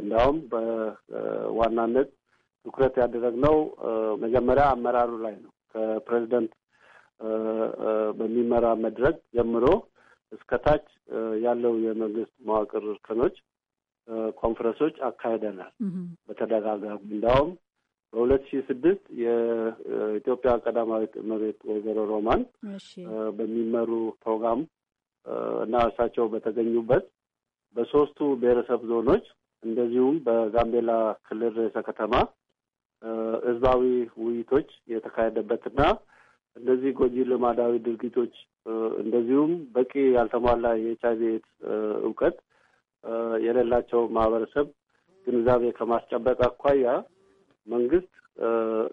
እንዲያውም በዋናነት ትኩረት ያደረግነው መጀመሪያ አመራሩ ላይ ነው። ከፕሬዚደንት በሚመራ መድረክ ጀምሮ እስከታች ያለው የመንግስት መዋቅር እርከኖች ኮንፈረንሶች አካሄደናል በተደጋጋሚ እንዲያውም በሁለት ሺህ ስድስት የኢትዮጵያ ቀዳማዊት እመቤት ወይዘሮ ሮማን በሚመሩ ፕሮግራም እና እሳቸው በተገኙበት በሶስቱ ብሔረሰብ ዞኖች እንደዚሁም በጋምቤላ ክልል ርዕሰ ከተማ ህዝባዊ ውይይቶች የተካሄደበትና እንደዚህ ጎጂ ልማዳዊ ድርጊቶች እንደዚሁም በቂ ያልተሟላ የኤች አይቪ ኤድስ እውቀት የሌላቸው ማህበረሰብ ግንዛቤ ከማስጨበጥ አኳያ መንግስት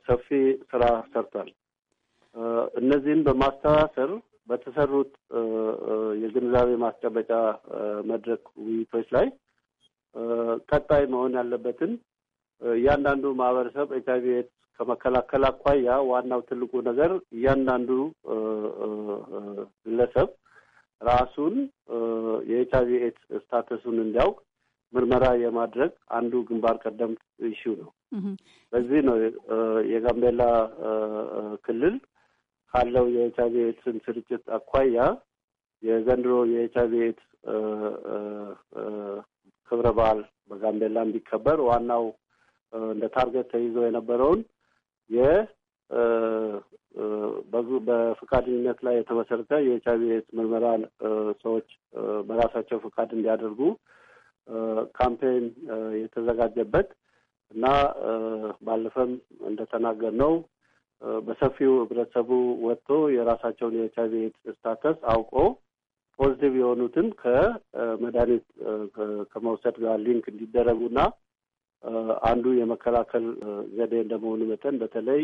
ሰፊ ስራ ሰርቷል። እነዚህን በማስተሳሰር በተሰሩት የግንዛቤ ማስጨበጫ መድረክ ውይይቶች ላይ ቀጣይ መሆን ያለበትን እያንዳንዱ ማህበረሰብ ኤች አይቪ ኤድስ ከመከላከል አኳያ ዋናው ትልቁ ነገር እያንዳንዱ ግለሰብ ራሱን የኤች አይቪ ኤድስ ስታተሱን እንዲያውቅ ምርመራ የማድረግ አንዱ ግንባር ቀደም ኢሹ ነው። በዚህ ነው የጋምቤላ ክልል ካለው የኤች አይቪ ኤድስን ስርጭት አኳያ የዘንድሮ የኤች አይቪ ኤድስ ክብረ በዓል በጋምቤላ እንዲከበር ዋናው እንደ ታርጌት ተይዞ የነበረውን በፈቃደኝነት ላይ የተመሰረተ የኤች አይቪ ኤድስ ምርመራ ሰዎች በራሳቸው ፍቃድ እንዲያደርጉ ካምፔን የተዘጋጀበት እና ባለፈም እንደተናገር ነው። በሰፊው ህብረተሰቡ ወጥቶ የራሳቸውን የኤች አይቪ ኤድስ ስታተስ አውቆ ፖዚቲቭ የሆኑትን ከመድኃኒት ከመውሰድ ጋር ሊንክ እንዲደረጉና አንዱ የመከላከል ዘዴ እንደመሆኑ መጠን በተለይ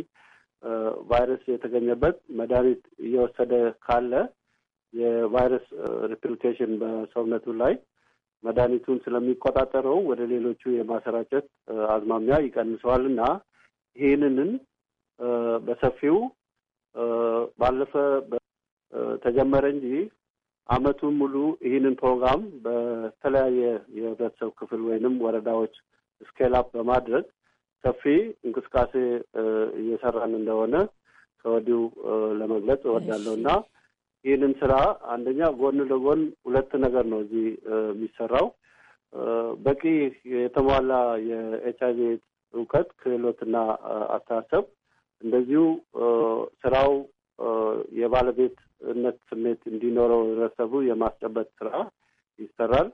ቫይረስ የተገኘበት መድኃኒት እየወሰደ ካለ የቫይረስ ሪፕሊኬሽን በሰውነቱ ላይ መድኃኒቱን ስለሚቆጣጠረው ወደ ሌሎቹ የማሰራጨት አዝማሚያ ይቀንሰዋል እና ይህንንን በሰፊው ባለፈ ተጀመረ እንጂ አመቱን ሙሉ ይህንን ፕሮግራም በተለያየ የህብረተሰብ ክፍል ወይንም ወረዳዎች ስኬላፕ አፕ በማድረግ ሰፊ እንቅስቃሴ እየሰራን እንደሆነ ከወዲሁ ለመግለጽ እወዳለሁ እና ይህንን ስራ አንደኛ ጎን ለጎን ሁለት ነገር ነው እዚህ የሚሰራው በቂ የተሟላ የኤች አይቪ እውቀት፣ ክህሎትና አስተሳሰብ እንደዚሁ ስራው የባለቤትነት ስሜት እንዲኖረው ህብረተሰቡ የማስጨበጥ ስራ ይሰራል።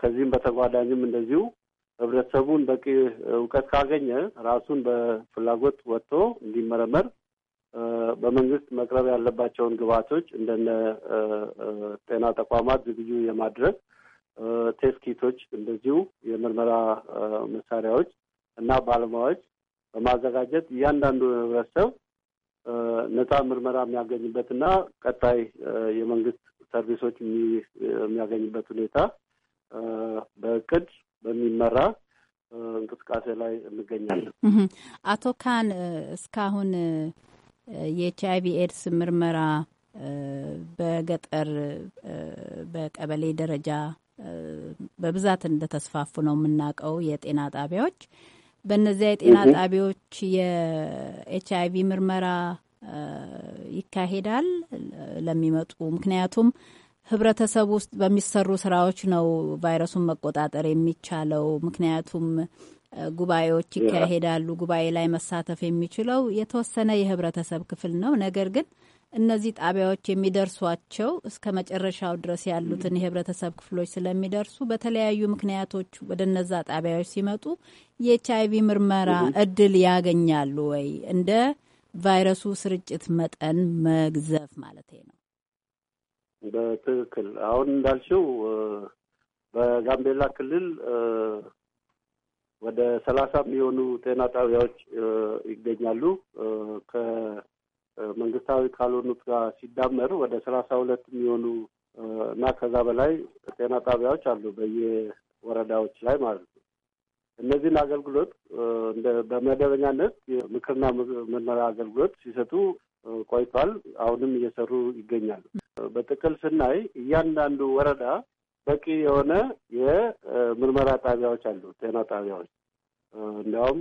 ከዚህም በተጓዳኝም እንደዚሁ ህብረተሰቡን በቂ እውቀት ካገኘ ራሱን በፍላጎት ወጥቶ እንዲመረመር በመንግስት መቅረብ ያለባቸውን ግብዓቶች እንደነ ጤና ተቋማት ዝግጁ የማድረግ ቴስት ኪቶች፣ እንደዚሁ የምርመራ መሳሪያዎች እና ባለሙያዎች በማዘጋጀት እያንዳንዱ ህብረተሰብ ነፃ ምርመራ የሚያገኝበትና ቀጣይ የመንግስት ሰርቪሶች የሚያገኝበት ሁኔታ በእቅድ በሚመራ እንቅስቃሴ ላይ እንገኛለን። አቶ ካን እስካሁን የኤች አይቪ ኤድስ ምርመራ በገጠር በቀበሌ ደረጃ በብዛት እንደተስፋፉ ነው የምናውቀው የጤና ጣቢያዎች። በእነዚያ የጤና ጣቢያዎች የኤች አይ ቪ ምርመራ ይካሄዳል ለሚመጡ ምክንያቱም ህብረተሰብ ውስጥ በሚሰሩ ስራዎች ነው ቫይረሱን መቆጣጠር የሚቻለው። ምክንያቱም ጉባኤዎች ይካሄዳሉ። ጉባኤ ላይ መሳተፍ የሚችለው የተወሰነ የህብረተሰብ ክፍል ነው። ነገር ግን እነዚህ ጣቢያዎች የሚደርሷቸው እስከ መጨረሻው ድረስ ያሉትን የህብረተሰብ ክፍሎች ስለሚደርሱ በተለያዩ ምክንያቶች ወደ እነዛ ጣቢያዎች ሲመጡ የኤች አይቪ ምርመራ እድል ያገኛሉ ወይ? እንደ ቫይረሱ ስርጭት መጠን መግዘፍ ማለት ነው። በትክክል አሁን እንዳልሽው በጋምቤላ ክልል ወደ ሰላሳ የሚሆኑ ጤና ጣቢያዎች ይገኛሉ። ከመንግስታዊ ካልሆኑት ጋር ሲዳመር ወደ ሰላሳ ሁለት የሚሆኑ እና ከዛ በላይ ጤና ጣቢያዎች አሉ በየወረዳዎች ላይ ማለት ነው። እነዚህን አገልግሎት በመደበኛነት የምክርና ምርመራ አገልግሎት ሲሰጡ ቆይቷል። አሁንም እየሰሩ ይገኛሉ። በጥቅል ስናይ እያንዳንዱ ወረዳ በቂ የሆነ የምርመራ ጣቢያዎች አሉ፣ ጤና ጣቢያዎች እንዲያውም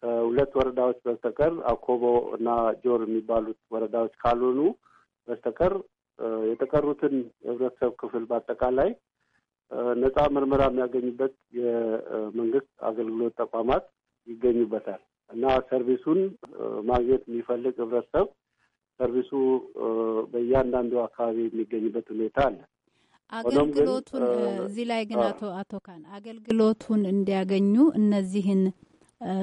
ከሁለት ወረዳዎች በስተቀር አኮቦ እና ጆር የሚባሉት ወረዳዎች ካልሆኑ በስተቀር የተቀሩትን የህብረተሰብ ክፍል በአጠቃላይ ነፃ ምርመራ የሚያገኙበት የመንግስት አገልግሎት ተቋማት ይገኙበታል እና ሰርቪሱን ማግኘት የሚፈልግ ህብረተሰብ ሰርቪሱ በእያንዳንዱ አካባቢ የሚገኝበት ሁኔታ አለ። አገልግሎቱን እዚህ ላይ ግን አቶ አቶ ካን አገልግሎቱን እንዲያገኙ እነዚህን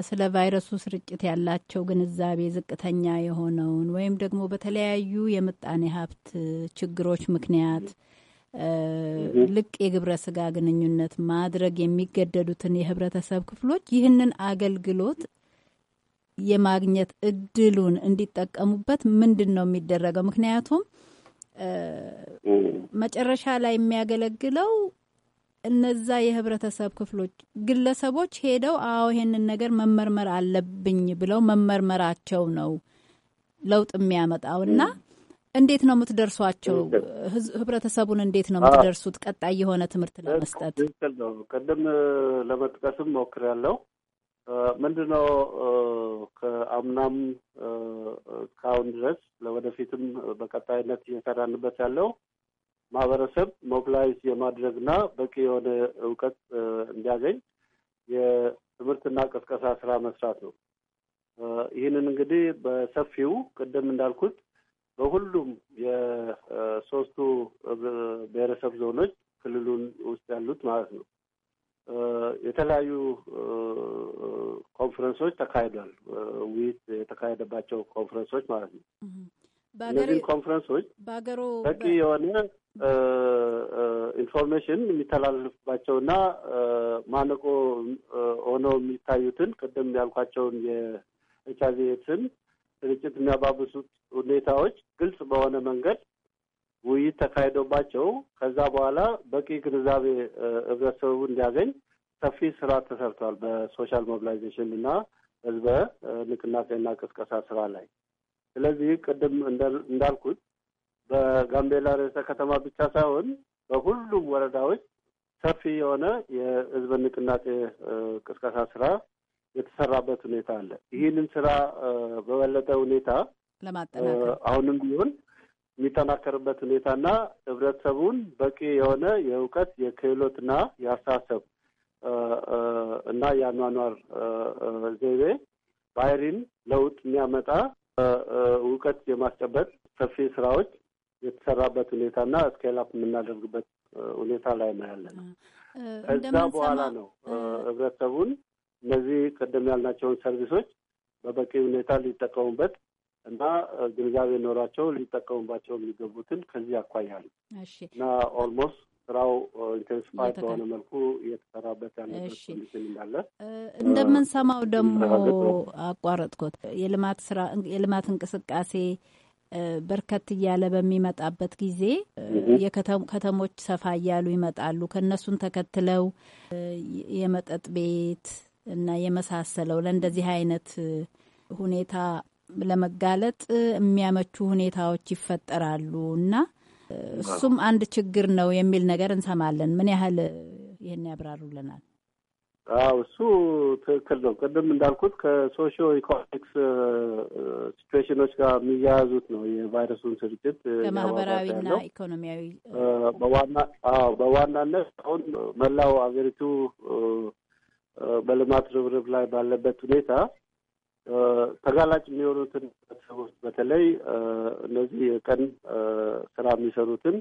ስለ ቫይረሱ ስርጭት ያላቸው ግንዛቤ ዝቅተኛ የሆነውን ወይም ደግሞ በተለያዩ የምጣኔ ሀብት ችግሮች ምክንያት ልቅ የግብረ ስጋ ግንኙነት ማድረግ የሚገደዱትን የህብረተሰብ ክፍሎች ይህንን አገልግሎት የማግኘት እድሉን እንዲጠቀሙበት ምንድን ነው የሚደረገው? ምክንያቱም መጨረሻ ላይ የሚያገለግለው እነዛ የህብረተሰብ ክፍሎች ግለሰቦች ሄደው አዎ ይሄንን ነገር መመርመር አለብኝ ብለው መመርመራቸው ነው ለውጥ የሚያመጣው እና እንዴት ነው የምትደርሷቸው? ህብረተሰቡን እንዴት ነው የምትደርሱት? ቀጣይ የሆነ ትምህርት ለመስጠት ቅድም ለመጥቀስም ሞክሬያለሁ። ምንድን ነው ከአምናም እስካሁን ድረስ ለወደፊትም በቀጣይነት እየሰራንበት ያለው ማህበረሰብ ሞብላይዝ የማድረግና በቂ የሆነ እውቀት እንዲያገኝ የትምህርትና ቀስቀሳ ስራ መስራት ነው። ይህንን እንግዲህ በሰፊው ቅድም እንዳልኩት በሁሉም የሶስቱ ብሔረሰብ ዞኖች ክልሉን ውስጥ ያሉት ማለት ነው የተለያዩ ኮንፈረንሶች ተካሂዷል። ውይይት የተካሄደባቸው ኮንፈረንሶች ማለት ነው። እነዚህ ኮንፈረንሶች በቂ የሆነ ኢንፎርሜሽን የሚተላለፍባቸውና ማነቆ ሆነው የሚታዩትን ቅድም ያልኳቸውን የኤች አይቪ ኤድስን ስርጭት የሚያባብሱት ሁኔታዎች ግልጽ በሆነ መንገድ ውይይት ተካሂዶባቸው ከዛ በኋላ በቂ ግንዛቤ ህብረተሰቡ እንዲያገኝ ሰፊ ስራ ተሰርቷል። በሶሻል ሞቢላይዜሽን እና ህዝበ ንቅናቄና ቅስቀሳ ስራ ላይ ስለዚህ ቅድም እንዳልኩት በጋምቤላ ርዕሰ ከተማ ብቻ ሳይሆን በሁሉም ወረዳዎች ሰፊ የሆነ የህዝበ ንቅናቄ ቅስቀሳ ስራ የተሰራበት ሁኔታ አለ። ይህንን ስራ በበለጠ ሁኔታ አሁንም ቢሆን የሚጠናከርበት ሁኔታና ህብረተሰቡን በቂ የሆነ የእውቀት የክህሎትና የአስተሳሰብ እና የአኗኗር ዘይቤ ባህሪን ለውጥ የሚያመጣ እውቀት የማስጨበጥ ሰፊ ስራዎች የተሰራበት ሁኔታና እስኬላፕ የምናደርግበት ሁኔታ ላይ ነው ያለ ነው። ከዛ በኋላ ነው ህብረተሰቡን እነዚህ ቅድም ያልናቸውን ሰርቪሶች በበቂ ሁኔታ ሊጠቀሙበት እና ግንዛቤ ኖሯቸው ሊጠቀሙባቸው የሚገቡትን ከዚህ አኳያል እና ኦልሞስት ስራው ኢንቴንስፋይ በሆነ መልኩ እየተሰራበት ያለ ኮንዲሽን እንዳለ እንደምንሰማው ደግሞ አቋረጥኩት። የልማት ስራ የልማት እንቅስቃሴ በርከት እያለ በሚመጣበት ጊዜ የከተሞች ሰፋ እያሉ ይመጣሉ። ከእነሱን ተከትለው የመጠጥ ቤት እና የመሳሰለው ለእንደዚህ አይነት ሁኔታ ለመጋለጥ የሚያመቹ ሁኔታዎች ይፈጠራሉ እና እሱም አንድ ችግር ነው የሚል ነገር እንሰማለን። ምን ያህል ይህን ያብራሩልናል? አዎ እሱ ትክክል ነው። ቅድም እንዳልኩት ከሶሽዮ ኢኮኖሚክስ ሲትዌሽኖች ጋር የሚያያዙት ነው የቫይረሱን ስርጭት ከማህበራዊና ኢኮኖሚያዊ በዋና በዋናነት አሁን መላው አገሪቱ በልማት ርብርብ ላይ ባለበት ሁኔታ ተጋላጭ የሚሆኑትን ሰዎች በተለይ እነዚህ የቀን ስራ የሚሰሩትን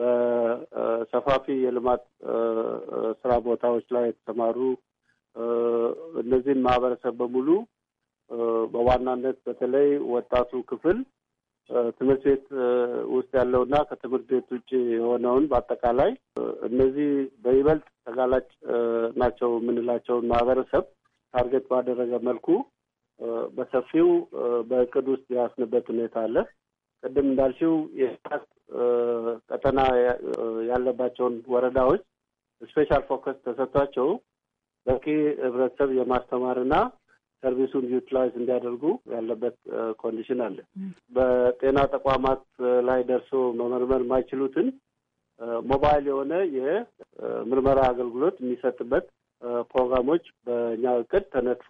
በሰፋፊ የልማት ስራ ቦታዎች ላይ የተሰማሩ እነዚህን ማህበረሰብ በሙሉ በዋናነት በተለይ ወጣቱ ክፍል ትምህርት ቤት ውስጥ ያለውና ከትምህርት ቤት ውጭ የሆነውን በአጠቃላይ እነዚህ በይበልጥ ተጋላጭ ናቸው የምንላቸውን ማህበረሰብ ታርጌት ባደረገ መልኩ በሰፊው በእቅድ ውስጥ የያዝንበት ሁኔታ አለ። ቅድም እንዳልሽው የጥቃት ቀጠና ያለባቸውን ወረዳዎች ስፔሻል ፎከስ ተሰጥቷቸው በቂ ህብረተሰብ የማስተማርና ሰርቪሱን ዩቲላይዝ እንዲያደርጉ ያለበት ኮንዲሽን አለ። በጤና ተቋማት ላይ ደርሶ መመርመር የማይችሉትን ሞባይል የሆነ የምርመራ አገልግሎት የሚሰጥበት ፕሮግራሞች በእኛ እቅድ ተነድፎ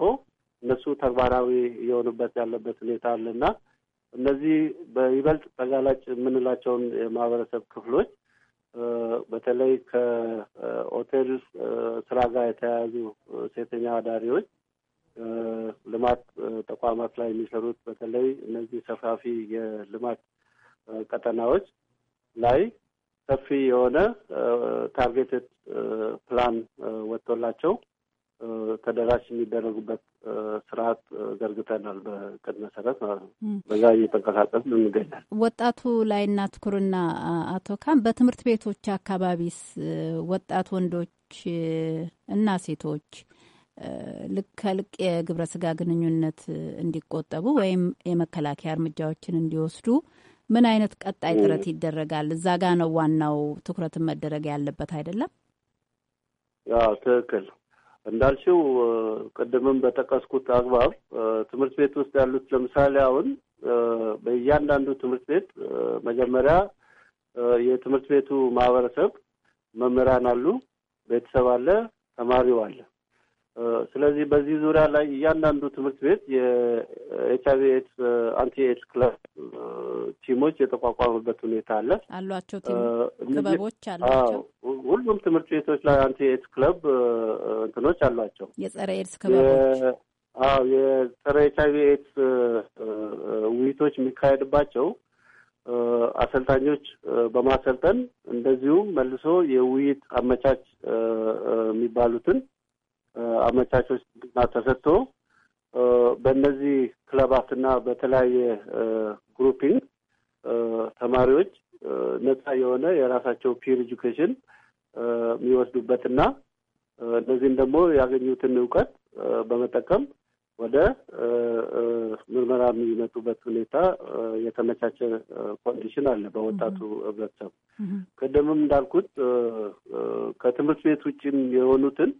እነሱ ተግባራዊ የሆኑበት ያለበት ሁኔታ አለና እነዚህ በይበልጥ ተጋላጭ የምንላቸውን የማህበረሰብ ክፍሎች በተለይ ከሆቴል ስራ ጋር የተያያዙ ሴተኛ አዳሪዎች፣ ልማት ተቋማት ላይ የሚሰሩት በተለይ እነዚህ ሰፋፊ የልማት ቀጠናዎች ላይ ሰፊ የሆነ ታርጌትድ ፕላን ወጥቶላቸው ተደራሽ የሚደረጉበት ስርዓት ዘርግተናል። በቅድ መሰረት ማለት ነው። በዛ እየተንቀሳቀስ እንገኛል። ወጣቱ ላይ እናትኩርና አቶ ካም በትምህርት ቤቶች አካባቢስ ወጣት ወንዶች እና ሴቶች ልክ ከልቅ የግብረ ስጋ ግንኙነት እንዲቆጠቡ ወይም የመከላከያ እርምጃዎችን እንዲወስዱ ምን አይነት ቀጣይ ጥረት ይደረጋል? እዛ ጋ ነው ዋናው ትኩረትን መደረግ ያለበት አይደለም? ያው ትክክል እንዳልሽው ቅድምም በጠቀስኩት አግባብ ትምህርት ቤት ውስጥ ያሉት ለምሳሌ አሁን በእያንዳንዱ ትምህርት ቤት መጀመሪያ የትምህርት ቤቱ ማህበረሰብ መምህራን አሉ፣ ቤተሰብ አለ፣ ተማሪው አለ። ስለዚህ በዚህ ዙሪያ ላይ እያንዳንዱ ትምህርት ቤት የኤች አይቪ ኤድስ አንቲ ኤድስ ክለብ ቲሞች የተቋቋሙበት ሁኔታ አለ። አሏቸው ክበቦች አሏቸው። ሁሉም ትምህርት ቤቶች ላይ አንቲ ኤድስ ክለብ እንትኖች አሏቸው። የጸረ ኤድስ ክበቦች አዎ፣ የጸረ ኤች አይቪ ኤድስ ውይይቶች የሚካሄድባቸው አሰልጣኞች በማሰልጠን እንደዚሁም መልሶ የውይይት አመቻች የሚባሉትን አመቻቾች ተሰጥቶ በእነዚህ ክለባትና በተለያየ ግሩፒንግ ተማሪዎች ነጻ የሆነ የራሳቸው ፒር ኤጁኬሽን የሚወስዱበትና እነዚህም ደግሞ ያገኙትን እውቀት በመጠቀም ወደ ምርመራ የሚመጡበት ሁኔታ የተመቻቸ ኮንዲሽን አለ በወጣቱ ህብረተሰብ። ቅድምም እንዳልኩት ከትምህርት ቤት ውጭም የሆኑትን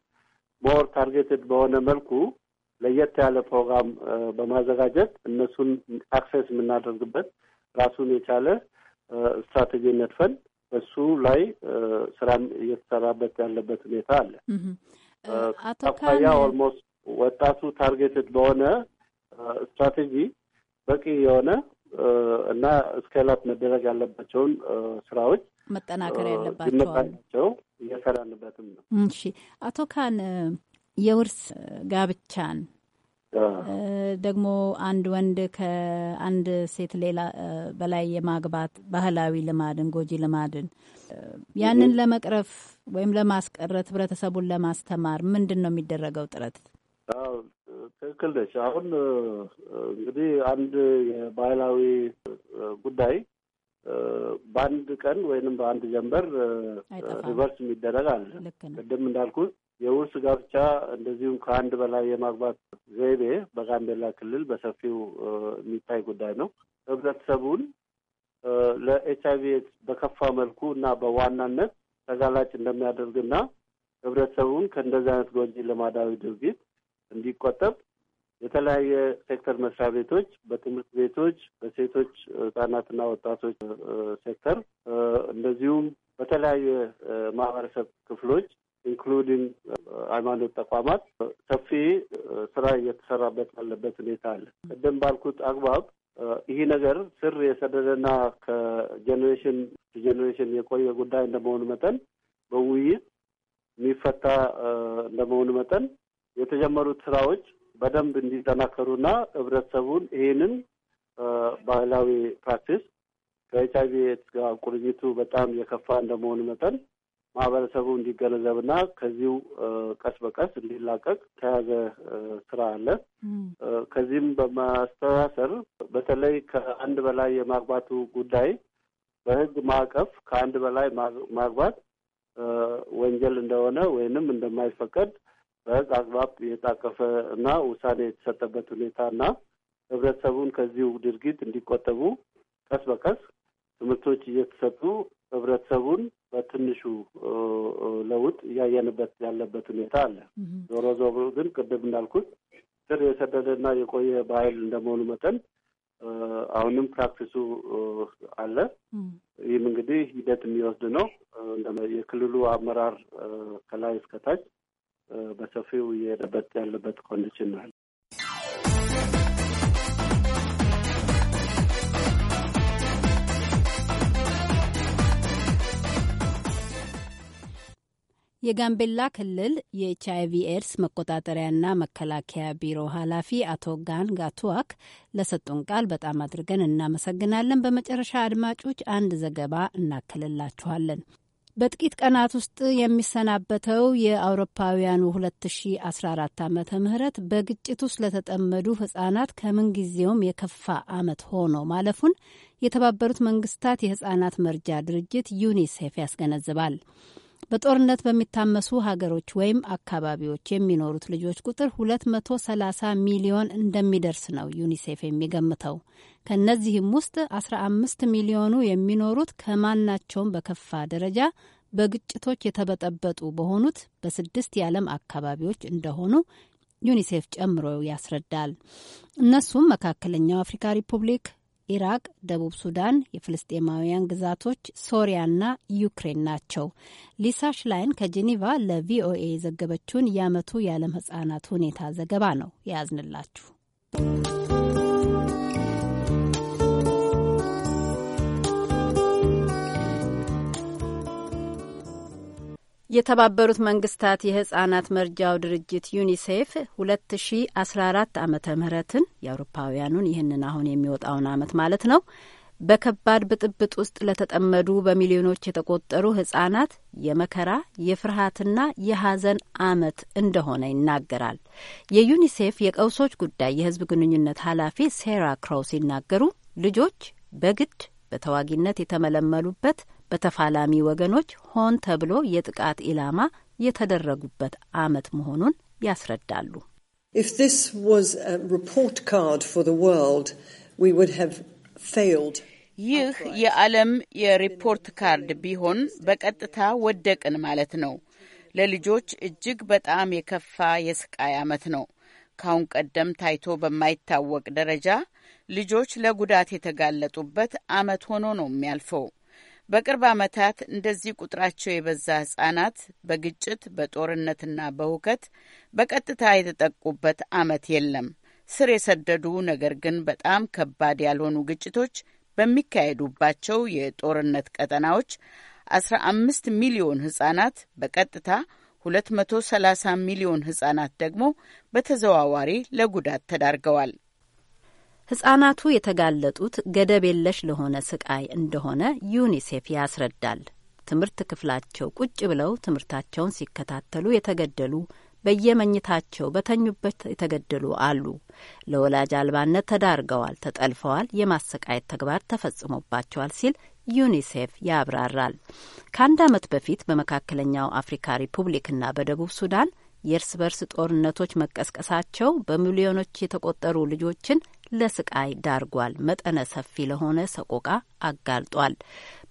ሞር ታርጌትድ በሆነ መልኩ ለየት ያለ ፕሮግራም በማዘጋጀት እነሱን አክሴስ የምናደርግበት ራሱን የቻለ ስትራቴጂ ነድፈን በሱ ላይ ስራም እየተሰራበት ያለበት ሁኔታ አለ። አኳያ ኦልሞስት ወጣቱ ታርጌትድ በሆነ ስትራቴጂ በቂ የሆነ እና እስከላት መደረግ ያለባቸውን ስራዎች መጠናከር ያለባቸው እየሰራንበትም ነው። እሺ አቶ ካን የውርስ ጋብቻን ደግሞ አንድ ወንድ ከአንድ ሴት ሌላ በላይ የማግባት ባህላዊ ልማድን፣ ጎጂ ልማድን ያንን ለመቅረፍ ወይም ለማስቀረት ህብረተሰቡን ለማስተማር ምንድን ነው የሚደረገው ጥረት? ትክክል ነች። አሁን እንግዲህ አንድ የባህላዊ ጉዳይ በአንድ ቀን ወይንም በአንድ ጀንበር ሪቨርስ የሚደረግ አለ። ቅድም እንዳልኩት የውርስ ጋብቻ እንደዚሁም ከአንድ በላይ የማግባት ዘይቤ በጋምቤላ ክልል በሰፊው የሚታይ ጉዳይ ነው። ህብረተሰቡን ለኤች አይቪ ኤድስ በከፋ መልኩ እና በዋናነት ተጋላጭ እንደሚያደርግና ህብረተሰቡን ከእንደዚህ አይነት ጎጂ ልማዳዊ ድርጊት እንዲቆጠብ የተለያየ ሴክተር መስሪያ ቤቶች፣ በትምህርት ቤቶች፣ በሴቶች ህጻናትና ወጣቶች ሴክተር እንደዚሁም በተለያየ ማህበረሰብ ክፍሎች ኢንክሉዲንግ uh, ሃይማኖት ተቋማት ሰፊ uh, ስራ እየተሰራበት ያለበት ሁኔታ አለ። ቅድም ባልኩት አግባብ uh, ይህ ነገር ስር የሰደደና ከጄኔሬሽን ጄኔሬሽን የቆየ ጉዳይ እንደመሆኑ መጠን በውይይት የሚፈታ እንደመሆኑ መጠን የተጀመሩት ስራዎች በደንብ እንዲጠናከሩና ህብረተሰቡን ይህንን ባህላዊ ፕራክቲስ ከኤች አይቪ ኤድስ ጋር ቁርኝቱ በጣም የከፋ እንደመሆኑ መጠን ማህበረሰቡ እንዲገነዘብና ከዚሁ ቀስ በቀስ እንዲላቀቅ ተያዘ ስራ አለ። ከዚህም በማስተሳሰር በተለይ ከአንድ በላይ የማግባቱ ጉዳይ በህግ ማዕቀፍ ከአንድ በላይ ማግባት ወንጀል እንደሆነ ወይንም እንደማይፈቀድ በህግ አግባብ የታቀፈ እና ውሳኔ የተሰጠበት ሁኔታ እና ህብረተሰቡን ከዚሁ ድርጊት እንዲቆጠቡ ቀስ በቀስ ትምህርቶች እየተሰጡ ህብረተሰቡን በትንሹ ለውጥ እያየንበት ያለበት ሁኔታ አለ። ዞሮ ዞሮ ግን ቅድም እንዳልኩት ስር የሰደደና የቆየ ባህል እንደመሆኑ መጠን አሁንም ፕራክቲሱ አለ። ይህም እንግዲህ ሂደት የሚወስድ ነው። የክልሉ አመራር ከላይ እስከታች በሰፊው እየሄደበት ያለበት ኮንዲሽን ነው። የጋምቤላ ክልል የኤች አይቪ ኤድስ መቆጣጠሪያና መከላከያ ቢሮ ኃላፊ አቶ ጋን ጋቱዋክ ለሰጡን ቃል በጣም አድርገን እናመሰግናለን። በመጨረሻ አድማጮች አንድ ዘገባ እናክልላችኋለን። በጥቂት ቀናት ውስጥ የሚሰናበተው የአውሮፓውያኑ 2014 ዓመተ ምህረት ውስጥ ለተጠመዱ ህጻናት ከምንጊዜውም የከፋ አመት ሆኖ ማለፉን የተባበሩት መንግስታት የህጻናት መርጃ ድርጅት ዩኒሴፍ ያስገነዝባል። በጦርነት በሚታመሱ ሀገሮች ወይም አካባቢዎች የሚኖሩት ልጆች ቁጥር 230 ሚሊዮን እንደሚደርስ ነው ዩኒሴፍ የሚገምተው። ከእነዚህም ውስጥ 15 ሚሊዮኑ የሚኖሩት ከማናቸውም በከፋ ደረጃ በግጭቶች የተበጠበጡ በሆኑት በስድስት የዓለም አካባቢዎች እንደሆኑ ዩኒሴፍ ጨምሮ ያስረዳል። እነሱም መካከለኛው አፍሪካ ሪፑብሊክ፣ ኢራቅ፣ ደቡብ ሱዳን፣ የፍልስጤማውያን ግዛቶች፣ ሶሪያና ዩክሬን ናቸው። ሊሳ ሽላይን ከጄኔቫ ለቪኦኤ የዘገበችውን የአመቱ የዓለም ህጻናት ሁኔታ ዘገባ ነው የያዝንላችሁ። የተባበሩት መንግስታት የህጻናት መርጃው ድርጅት ዩኒሴፍ 2014 ዓመተ ምህረትን የአውሮፓውያኑን ይህንን አሁን የሚወጣውን አመት ማለት ነው በከባድ ብጥብጥ ውስጥ ለተጠመዱ በሚሊዮኖች የተቆጠሩ ህጻናት የመከራ የፍርሃትና የሀዘን አመት እንደሆነ ይናገራል። የዩኒሴፍ የቀውሶች ጉዳይ የህዝብ ግንኙነት ኃላፊ ሴራ ክራው ሲናገሩ ልጆች በግድ በተዋጊነት የተመለመሉበት በተፋላሚ ወገኖች ሆን ተብሎ የጥቃት ኢላማ የተደረጉበት ዓመት መሆኑን ያስረዳሉ። ይህ የዓለም የሪፖርት ካርድ ቢሆን በቀጥታ ወደቅን ማለት ነው። ለልጆች እጅግ በጣም የከፋ የስቃይ ዓመት ነው። ካሁን ቀደም ታይቶ በማይታወቅ ደረጃ ልጆች ለጉዳት የተጋለጡበት ዓመት ሆኖ ነው የሚያልፈው። በቅርብ ዓመታት እንደዚህ ቁጥራቸው የበዛ ሕጻናት በግጭት በጦርነትና በሁከት በቀጥታ የተጠቁበት ዓመት የለም። ስር የሰደዱ ነገር ግን በጣም ከባድ ያልሆኑ ግጭቶች በሚካሄዱባቸው የጦርነት ቀጠናዎች 15 ሚሊዮን ሕጻናት በቀጥታ 230 ሚሊዮን ሕጻናት ደግሞ በተዘዋዋሪ ለጉዳት ተዳርገዋል። ሕፃናቱ የተጋለጡት ገደብ የለሽ ለሆነ ስቃይ እንደሆነ ዩኒሴፍ ያስረዳል። ትምህርት ክፍላቸው ቁጭ ብለው ትምህርታቸውን ሲከታተሉ የተገደሉ በየመኝታቸው በተኙበት የተገደሉ አሉ። ለወላጅ አልባነት ተዳርገዋል፣ ተጠልፈዋል፣ የማሰቃየት ተግባር ተፈጽሞባቸዋል ሲል ዩኒሴፍ ያብራራል። ከአንድ ዓመት በፊት በመካከለኛው አፍሪካ ሪፑብሊክና በደቡብ ሱዳን የእርስ በርስ ጦርነቶች መቀስቀሳቸው በሚሊዮኖች የተቆጠሩ ልጆችን ለስቃይ ዳርጓል፣ መጠነ ሰፊ ለሆነ ሰቆቃ አጋልጧል።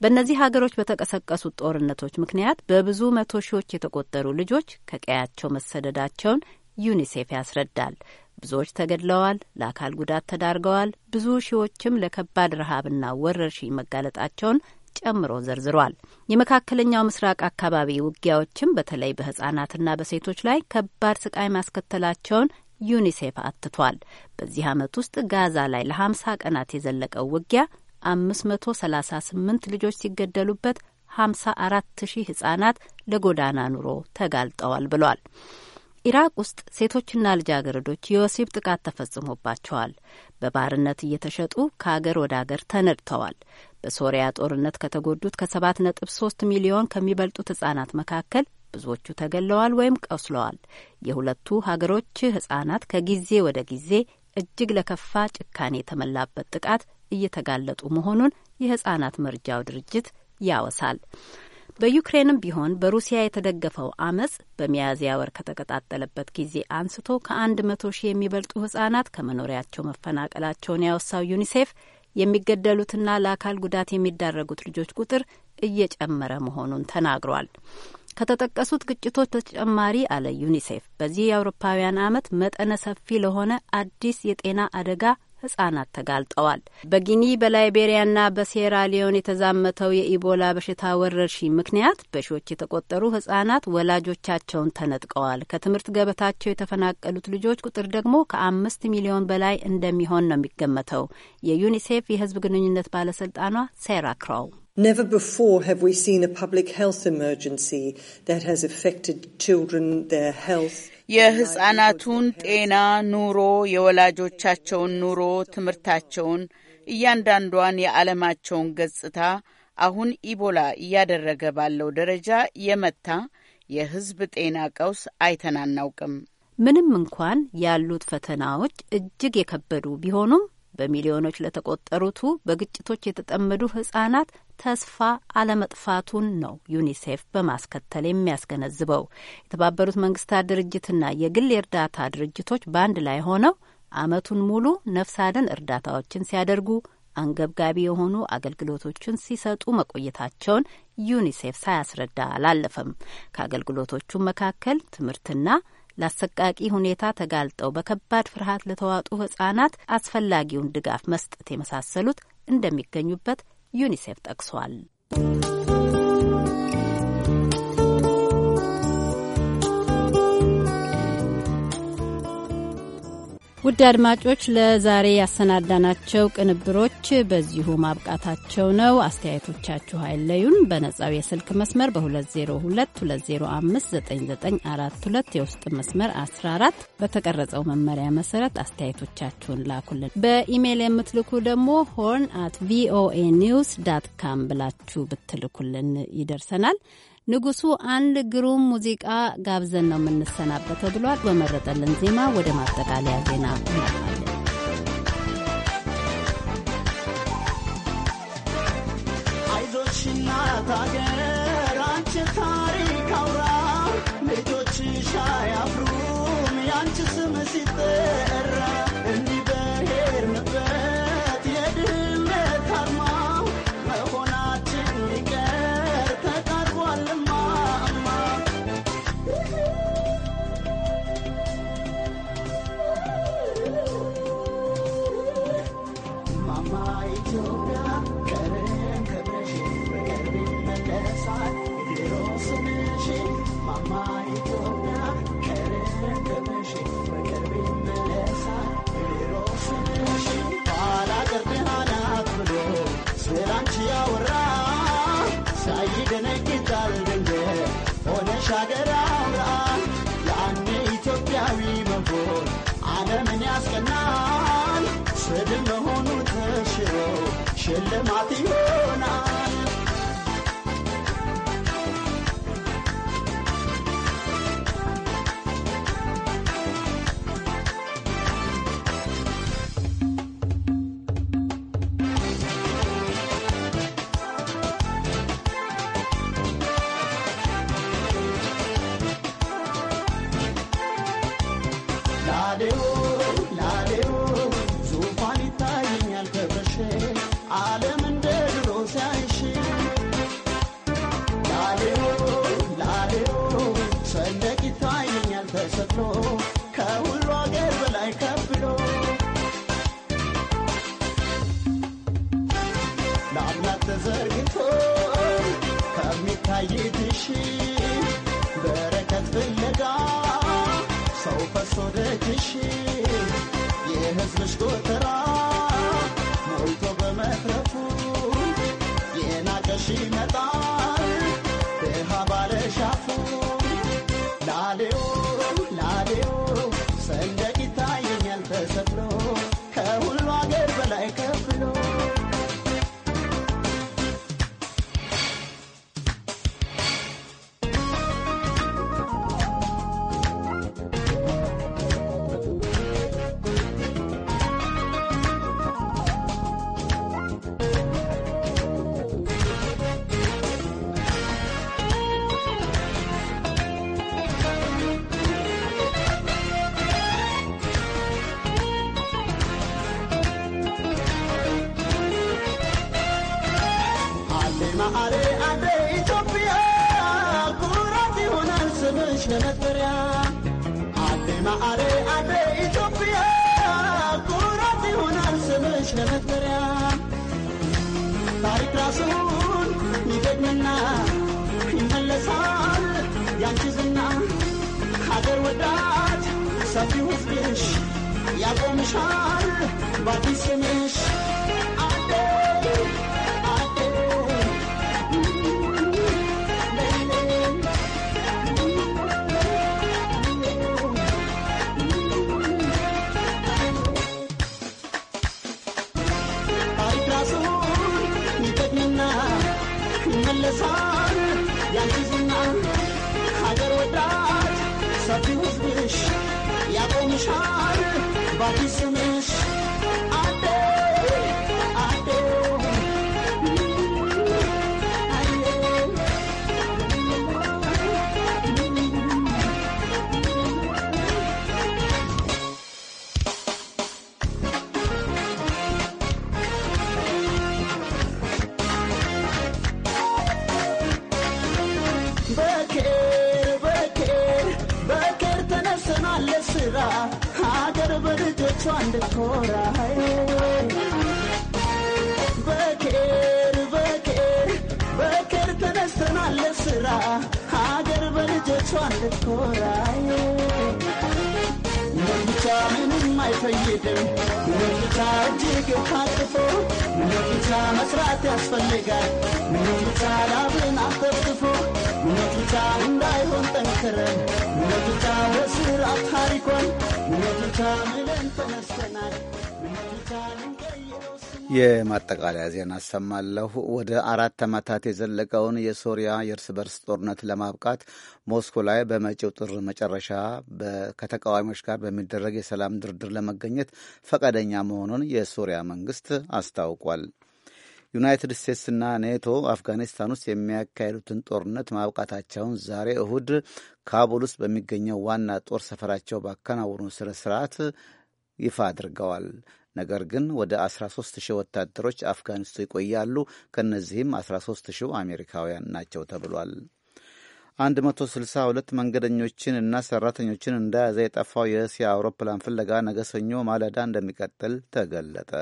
በእነዚህ ሀገሮች በተቀሰቀሱት ጦርነቶች ምክንያት በብዙ መቶ ሺዎች የተቆጠሩ ልጆች ከቀያቸው መሰደዳቸውን ዩኒሴፍ ያስረዳል። ብዙዎች ተገድለዋል፣ ለአካል ጉዳት ተዳርገዋል፣ ብዙ ሺዎችም ለከባድ ረሃብና ወረርሽኝ መጋለጣቸውን ጨምሮ ዘርዝሯል። የመካከለኛው ምስራቅ አካባቢ ውጊያዎችም በተለይ በህጻናትና በሴቶች ላይ ከባድ ስቃይ ማስከተላቸውን ዩኒሴፍ አትቷል። በዚህ ዓመት ውስጥ ጋዛ ላይ ለ50 ቀናት የዘለቀው ውጊያ 538 ልጆች ሲገደሉበት 54 ሺህ ህጻናት ለጎዳና ኑሮ ተጋልጠዋል ብሏል። ኢራቅ ውስጥ ሴቶችና ልጃገረዶች የወሲብ ጥቃት ተፈጽሞባቸዋል። በባርነት እየተሸጡ ከአገር ወደ አገር ተነድተዋል። በሶሪያ ጦርነት ከተጎዱት ከ7.3 ሚሊዮን ከሚበልጡት ህጻናት መካከል ብዙዎቹ ተገለዋል ወይም ቆስለዋል። የሁለቱ ሀገሮች ህጻናት ከጊዜ ወደ ጊዜ እጅግ ለከፋ ጭካኔ የተመላበት ጥቃት እየተጋለጡ መሆኑን የህጻናት መርጃው ድርጅት ያወሳል። በዩክሬንም ቢሆን በሩሲያ የተደገፈው አመጽ በሚያዝያ ወር ከተቀጣጠለበት ጊዜ አንስቶ ከአንድ መቶ ሺህ የሚበልጡ ህጻናት ከመኖሪያቸው መፈናቀላቸውን ያወሳው ዩኒሴፍ የሚገደሉትና ለአካል ጉዳት የሚዳረጉት ልጆች ቁጥር እየጨመረ መሆኑን ተናግሯል። ከተጠቀሱት ግጭቶች ተጨማሪ አለ ዩኒሴፍ በዚህ የአውሮፓውያን አመት መጠነ ሰፊ ለሆነ አዲስ የጤና አደጋ ህጻናት ተጋልጠዋል። በጊኒ በላይቤሪያና በሴራሊዮን የተዛመተው የኢቦላ በሽታ ወረርሽኝ ምክንያት በሺዎች የተቆጠሩ ህጻናት ወላጆቻቸውን ተነጥቀዋል። ከትምህርት ገበታቸው የተፈናቀሉት ልጆች ቁጥር ደግሞ ከአምስት ሚሊዮን በላይ እንደሚሆን ነው የሚገመተው። የዩኒሴፍ የህዝብ ግንኙነት ባለስልጣኗ ሴራ ክራው Never before have we seen a public health emergency that has affected children, their health. የህፃናቱን ጤና፣ ኑሮ፣ የወላጆቻቸውን ኑሮ፣ ትምህርታቸውን፣ እያንዳንዷን የዓለማቸውን ገጽታ አሁን ኢቦላ እያደረገ ባለው ደረጃ የመታ የህዝብ ጤና ቀውስ አይተን አናውቅም። ምንም እንኳን ያሉት ፈተናዎች እጅግ የከበዱ ቢሆኑም በሚሊዮኖች ለተቆጠሩቱ በግጭቶች የተጠመዱ ህጻናት ተስፋ አለመጥፋቱን ነው ዩኒሴፍ በማስከተል የሚያስገነዝበው። የተባበሩት መንግስታት ድርጅትና የግል የእርዳታ ድርጅቶች በአንድ ላይ ሆነው አመቱን ሙሉ ነፍስ አድን እርዳታዎችን ሲያደርጉ፣ አንገብጋቢ የሆኑ አገልግሎቶችን ሲሰጡ መቆየታቸውን ዩኒሴፍ ሳያስረዳ አላለፈም። ከአገልግሎቶቹ መካከል ትምህርትና ለአሰቃቂ ሁኔታ ተጋልጠው በከባድ ፍርሃት ለተዋጡ ህጻናት አስፈላጊውን ድጋፍ መስጠት የመሳሰሉት እንደሚገኙበት ዩኒሴፍ ጠቅሷል። ውድ አድማጮች ለዛሬ ያሰናዳናቸው ቅንብሮች በዚሁ ማብቃታቸው ነው። አስተያየቶቻችሁ አይለዩን። በነጻው የስልክ መስመር በ2022059942 የውስጥ መስመር 14 በተቀረጸው መመሪያ መሰረት አስተያየቶቻችሁን ላኩልን። በኢሜይል የምትልኩ ደግሞ ሆርን አት ቪኦኤ ኒውስ ዳት ካም ብላችሁ ብትልኩልን ይደርሰናል። ንጉሱ አንድ ግሩም ሙዚቃ ጋብዘን ነው የምንሰናበተው ብሏል። በመረጠልን ዜማ ወደ ማጠቃለያ ዜና እናለን። አይዞሽ በረከት ፍለጋ ሰው ፈሶ ደጅሽ የሕዝብሽ ጎተራ ሞልቶ በመትረፉ የናቀሽ ይመጣል ድሃ ባለሻፉ ላሌው Adam Shar, Bati Semesh. Let's go. ብቻ እንድትኮራ በኬር በኬር በኬር ተነስተናል ለስራ ሀገር በልጆቿ እንድትኮራ ምንም ብቻ ምንም አይፈይድም። ምንም ብቻ እጅግ ታጥፎ ምንም ብቻ መስራት ያስፈልጋል። ምንም ብቻ ላብን አጠፍጥፎ ምንም ብቻ እንዳይሆን ጠንክረን ምንም ብቻ ለስራ ታሪኳን ምንም የማጠቃለያ ዜና አሰማለሁ። ወደ አራት ዓመታት የዘለቀውን የሶሪያ የእርስ በርስ ጦርነት ለማብቃት ሞስኮ ላይ በመጪው ጥር መጨረሻ ከተቃዋሚዎች ጋር በሚደረግ የሰላም ድርድር ለመገኘት ፈቃደኛ መሆኑን የሶሪያ መንግስት አስታውቋል። ዩናይትድ ስቴትስና ኔቶ አፍጋኒስታን ውስጥ የሚያካሄዱትን ጦርነት ማብቃታቸውን ዛሬ እሁድ ካቡል ውስጥ በሚገኘው ዋና ጦር ሰፈራቸው ባከናወኑ ስነ ስርዓት ይፋ አድርገዋል። ነገር ግን ወደ 13 ወታደሮች አፍጋኒስቶ ይቆያሉ። ከእነዚህም 13 አሜሪካውያን ናቸው ተብሏል። 162 መንገደኞችን እና ሰራተኞችን እንደያዘ የጠፋው የእስያ አውሮፕላን ፍለጋ ነገ ሰኞ ማለዳ እንደሚቀጥል ተገለጠ።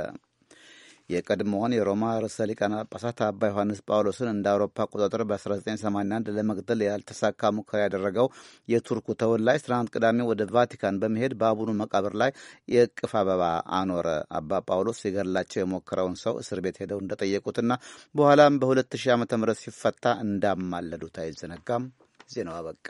የቀድሞውን የሮማ ርዕሰ ሊቃነ ጳጳሳት አባ ዮሐንስ ጳውሎስን እንደ አውሮፓ አቆጣጠር በ1981 ለመግደል ያልተሳካ ሙከራ ያደረገው የቱርኩ ተወላጅ ትናንት ቅዳሜ ወደ ቫቲካን በመሄድ በአቡኑ መቃብር ላይ የእቅፍ አበባ አኖረ። አባ ጳውሎስ ሲገድላቸው የሞከረውን ሰው እስር ቤት ሄደው እንደጠየቁትና በኋላም በ2000 ዓ ም ሲፈታ እንዳማለዱት አይዘነጋም። ዜናው አበቃ።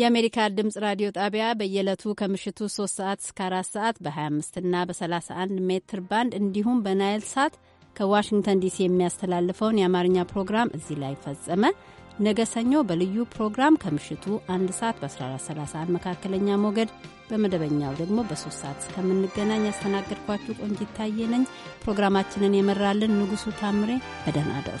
የአሜሪካ ድምፅ ራዲዮ ጣቢያ በየዕለቱ ከምሽቱ 3 ሰዓት እስከ 4 ሰዓት በ25 እና በ31 ሜትር ባንድ እንዲሁም በናይል ሳት ከዋሽንግተን ዲሲ የሚያስተላልፈውን የአማርኛ ፕሮግራም እዚህ ላይ ፈጸመ። ነገ ሰኞ በልዩ ፕሮግራም ከምሽቱ 1 ሰዓት በ1431 መካከለኛ ሞገድ በመደበኛው ደግሞ በ3 ሰዓት እስከምንገናኝ ያስተናገድኳችሁ ቆንጂት ታዬ ነኝ። ፕሮግራማችንን የመራልን ንጉሱ ታምሬ። በደህና አደሩ።